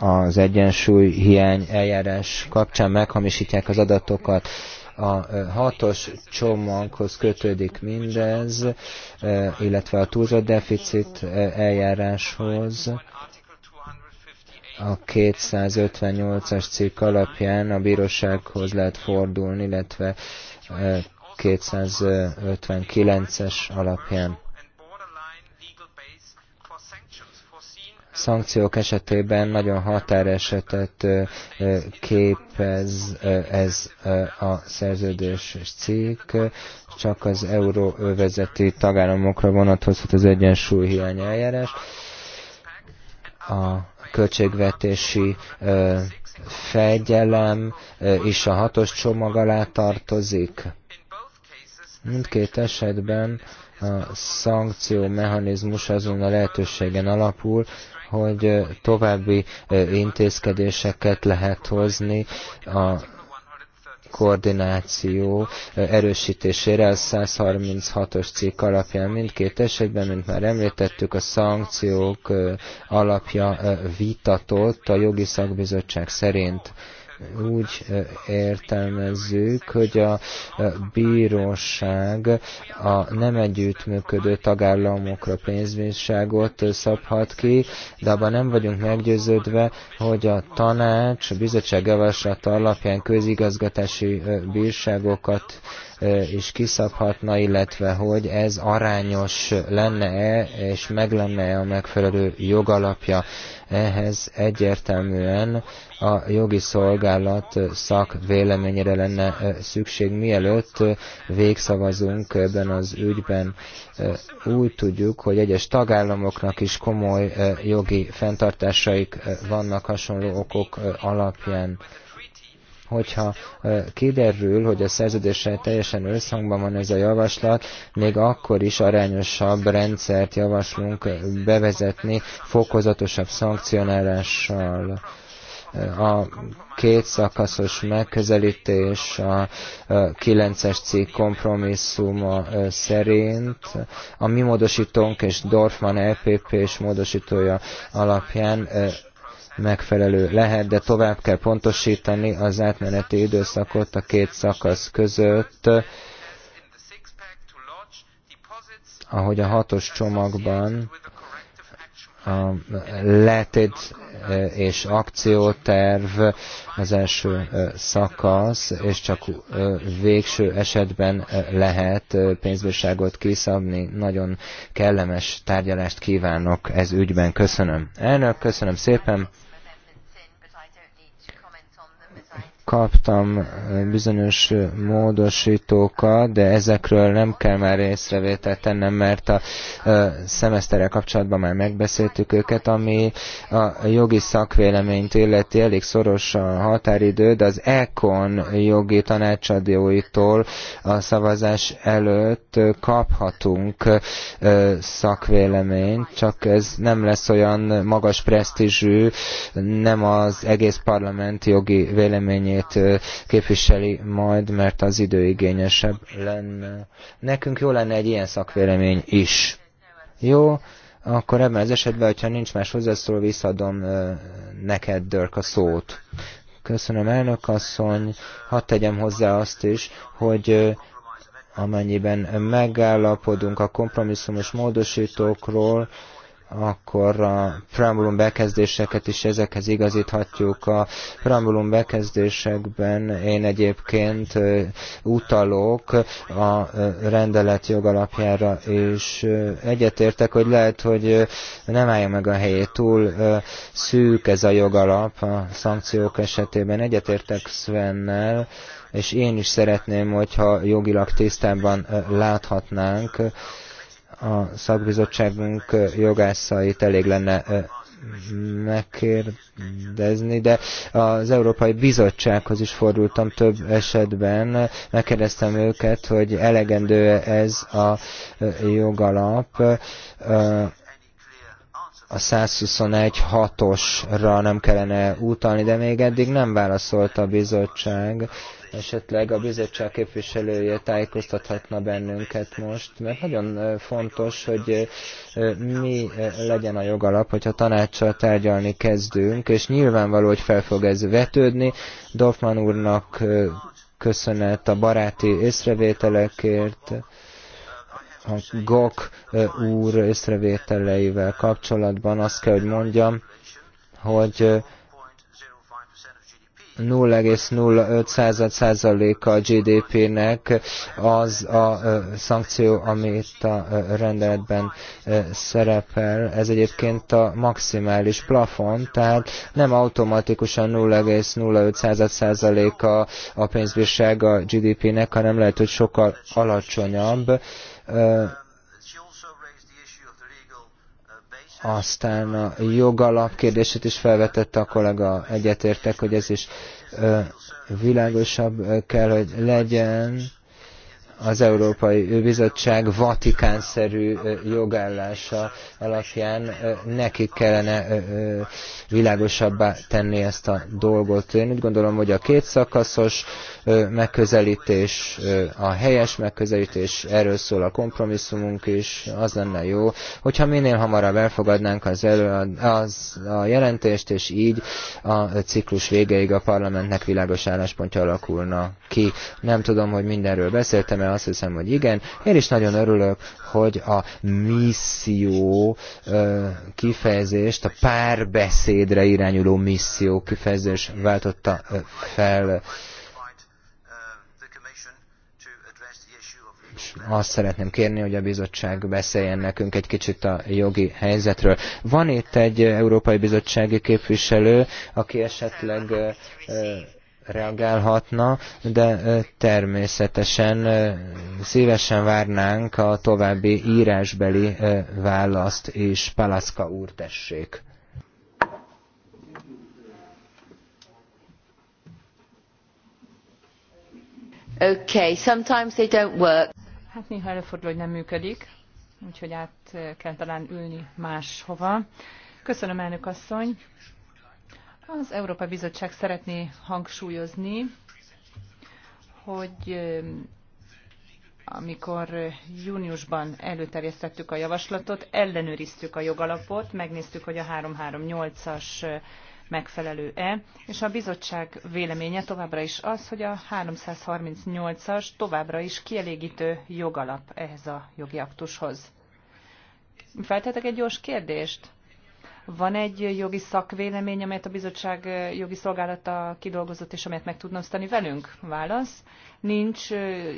az egyensúly hiány eljárás kapcsán meghamisítják az adatokat. A hatos csomaghoz kötődik mindez, illetve a túlzott deficit eljáráshoz a 258-as cikk alapján a bírósághoz lehet fordulni, illetve 259-es alapján. szankciók esetében nagyon határesetet képez ez a szerződés cikk, csak az euróövezeti tagállamokra vonatkozhat az hiány eljárás. A költségvetési fegyelem is a hatos csomag alá tartozik. Mindkét esetben a szankció mechanizmus azon a lehetőségen alapul, hogy további intézkedéseket lehet hozni a koordináció erősítésére a 136-os cikk alapján mindkét esetben, mint már említettük, a szankciók alapja vitatott a jogi szakbizottság szerint úgy értelmezzük, hogy a bíróság a nem együttműködő tagállamokra pénzbírságot szabhat ki, de abban nem vagyunk meggyőződve, hogy a tanács a bizottság javaslata alapján közigazgatási bírságokat is kiszabhatna, illetve hogy ez arányos lenne-e, és meg lenne-e a megfelelő jogalapja. Ehhez egyértelműen a jogi szolgálat szak véleményére lenne szükség, mielőtt végszavazunk ebben az ügyben. Úgy tudjuk, hogy egyes tagállamoknak is komoly jogi fenntartásaik vannak hasonló okok alapján. Hogyha kiderül, hogy a szerződéssel teljesen összhangban van ez a javaslat, még akkor is arányosabb rendszert javaslunk bevezetni fokozatosabb szankcionálással a két szakaszos megközelítés a 9-es cikk kompromisszuma szerint. A mi módosítónk és Dorfman LPP e és módosítója alapján megfelelő lehet, de tovább kell pontosítani az átmeneti időszakot a két szakasz között, ahogy a hatos csomagban a letét e, és akcióterv az első e, szakasz, és csak e, végső esetben lehet pénzbírságot kiszabni. Nagyon kellemes tárgyalást kívánok ez ügyben. Köszönöm. Elnök, köszönöm szépen. kaptam eh, bizonyos eh, módosítókat, de ezekről nem kell már részrevételt tennem, mert a eh, szemeszterrel kapcsolatban már megbeszéltük őket, ami a jogi szakvéleményt illeti elég szoros a határidő, de az ECON jogi tanácsadóitól a szavazás előtt kaphatunk szakvéleményt, csak ez nem lesz olyan magas presztízsű, nem az egész parlament jogi véleményét részét képviseli majd, mert az időigényesebb lenne. Nekünk jó lenne egy ilyen szakvélemény is. Jó, akkor ebben az esetben, hogyha nincs más hozzászóló, visszadom neked, Dörk, a szót. Köszönöm, elnök asszony. Hadd tegyem hozzá azt is, hogy amennyiben megállapodunk a kompromisszumos módosítókról, akkor a preambulum bekezdéseket is ezekhez igazíthatjuk. A preambulum bekezdésekben én egyébként utalok a rendelet jogalapjára, és egyetértek, hogy lehet, hogy nem állja meg a helyét túl szűk ez a jogalap a szankciók esetében. Egyetértek Svennel, és én is szeretném, hogyha jogilag tisztában láthatnánk, a szakbizottságunk jogászait elég lenne megkérdezni, de az Európai Bizottsághoz is fordultam több esetben, megkérdeztem őket, hogy elegendő ez a jogalap, a 121.6-osra nem kellene utalni, de még eddig nem válaszolt a bizottság. Esetleg a bizottság képviselője tájékoztathatna bennünket most, mert nagyon fontos, hogy mi legyen a jogalap, hogyha tanácssal tárgyalni kezdünk, és nyilvánvaló, hogy fel fog ez vetődni. Dorfman úrnak köszönet a baráti észrevételekért a Gok úr észrevételeivel kapcsolatban azt kell, hogy mondjam, hogy 0,05%-a a GDP-nek az a szankció, ami itt a rendeletben szerepel. Ez egyébként a maximális plafon, tehát nem automatikusan 0,05%-a a pénzbírság a GDP-nek, hanem lehet, hogy sokkal alacsonyabb Aztán a jogalap kérdését is felvetette a kollega, egyetértek, hogy ez is világosabb kell, hogy legyen az Európai Bizottság vatikánszerű jogállása alapján nekik kellene világosabbá tenni ezt a dolgot. Én úgy gondolom, hogy a két szakaszos megközelítés a helyes megközelítés, erről szól a kompromisszumunk is, az lenne jó, hogyha minél hamarabb elfogadnánk az, elő, az a jelentést, és így a ciklus végeig a parlamentnek világos álláspontja alakulna ki. Nem tudom, hogy mindenről beszéltem-e, azt hiszem, hogy igen. Én is nagyon örülök, hogy a misszió kifejezést, a párbeszédre irányuló misszió kifejezés váltotta fel. azt szeretném kérni, hogy a bizottság beszéljen nekünk egy kicsit a jogi helyzetről. Van itt egy Európai Bizottsági képviselő, aki esetleg reagálhatna, de természetesen szívesen várnánk a további írásbeli választ és Palaszka úr, tessék! Okay, sometimes they don't work. Hát néha előfordul, hogy nem működik, úgyhogy át kell talán ülni máshova. Köszönöm, elnök asszony! Az Európai Bizottság szeretné hangsúlyozni, hogy amikor júniusban előterjesztettük a javaslatot, ellenőriztük a jogalapot, megnéztük, hogy a 338-as megfelelő-e, és a bizottság véleménye továbbra is az, hogy a 338-as továbbra is kielégítő jogalap ehhez a jogi aktushoz. Feltetek egy gyors kérdést. Van egy jogi szakvélemény, amelyet a bizottság jogi szolgálata kidolgozott, és amelyet meg tudna osztani velünk? Válasz. Nincs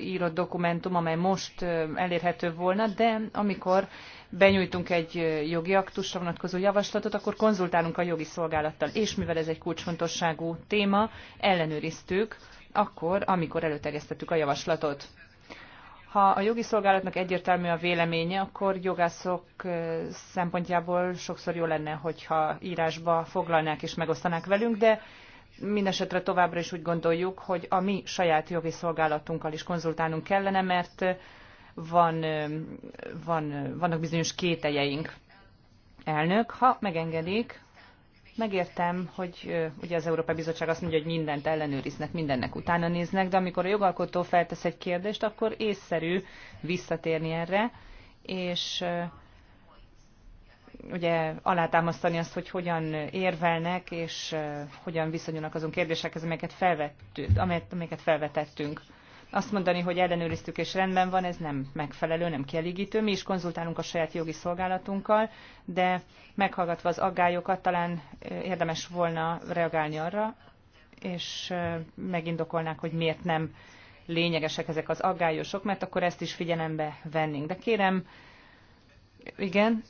írott dokumentum, amely most elérhető volna, de amikor benyújtunk egy jogi aktusra vonatkozó javaslatot, akkor konzultálunk a jogi szolgálattal. És mivel ez egy kulcsfontosságú téma, ellenőriztük, akkor, amikor előterjesztettük a javaslatot. Ha a jogi szolgálatnak egyértelmű a véleménye, akkor jogászok szempontjából sokszor jó lenne, hogyha írásba foglalnák és megosztanák velünk, de mindesetre továbbra is úgy gondoljuk, hogy a mi saját jogi szolgálatunkkal is konzultálnunk kellene, mert van, van, vannak bizonyos kételjeink. Elnök, ha megengedik, Megértem, hogy ugye az Európai Bizottság azt mondja, hogy mindent ellenőriznek, mindennek utána néznek, de amikor a jogalkotó feltesz egy kérdést, akkor észszerű visszatérni erre, és ugye alátámasztani azt, hogy hogyan érvelnek, és hogyan viszonyulnak azon kérdésekhez, amelyeket, felvettünk, amelyeket felvetettünk azt mondani, hogy ellenőriztük és rendben van, ez nem megfelelő, nem kielégítő. Mi is konzultálunk a saját jogi szolgálatunkkal, de meghallgatva az aggályokat talán érdemes volna reagálni arra, és megindokolnák, hogy miért nem lényegesek ezek az aggályosok, mert akkor ezt is figyelembe vennénk. De kérem, igen,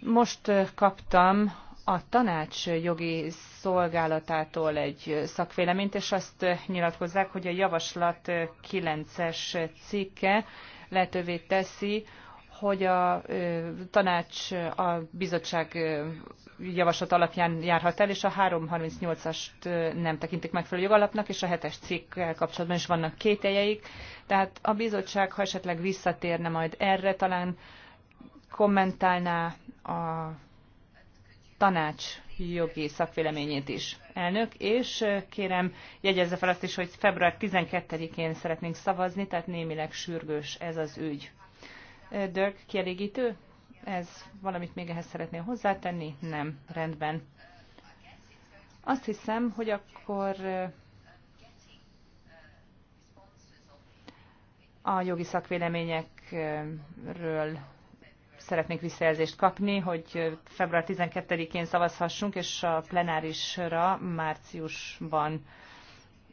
most kaptam a tanács jogi szolgálatától egy szakvéleményt, és azt nyilatkozzák, hogy a javaslat 9-es cikke lehetővé teszi, hogy a tanács a bizottság javaslat alapján járhat el, és a 338-ast nem tekintik megfelelő jogalapnak, és a 7-es cikkkel kapcsolatban is vannak kételjeik. Tehát a bizottság, ha esetleg visszatérne majd erre, talán kommentálná a tanács jogi szakvéleményét is, elnök, és kérem, jegyezze fel azt is, hogy február 12-én szeretnénk szavazni, tehát némileg sürgős ez az ügy. Dirk, kielégítő? Ez valamit még ehhez szeretnél hozzátenni? Nem, rendben. Azt hiszem, hogy akkor a jogi szakvéleményekről szeretnénk visszajelzést kapni, hogy február 12-én szavazhassunk, és a plenárisra márciusban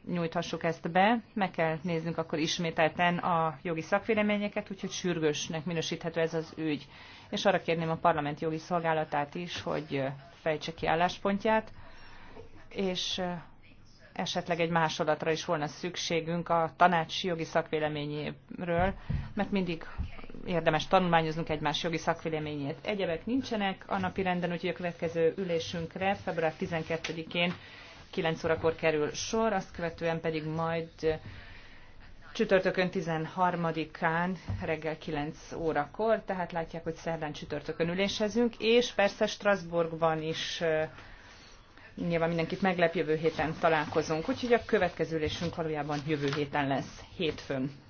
nyújthassuk ezt be. Meg kell néznünk akkor ismételten a jogi szakvéleményeket, úgyhogy sürgősnek minősíthető ez az ügy. És arra kérném a parlament jogi szolgálatát is, hogy fejtse ki álláspontját, és esetleg egy másodatra is volna szükségünk a tanács jogi szakvéleményéről, mert mindig érdemes tanulmányoznunk egymás jogi szakvéleményét. Egyebek nincsenek a napi renden, úgyhogy a következő ülésünkre február 12-én 9 órakor kerül sor, azt követően pedig majd csütörtökön 13-án reggel 9 órakor, tehát látják, hogy szerdán csütörtökön ülésezünk, és persze Strasbourgban is nyilván mindenkit meglep, jövő héten találkozunk, úgyhogy a következő ülésünk valójában jövő héten lesz, hétfőn.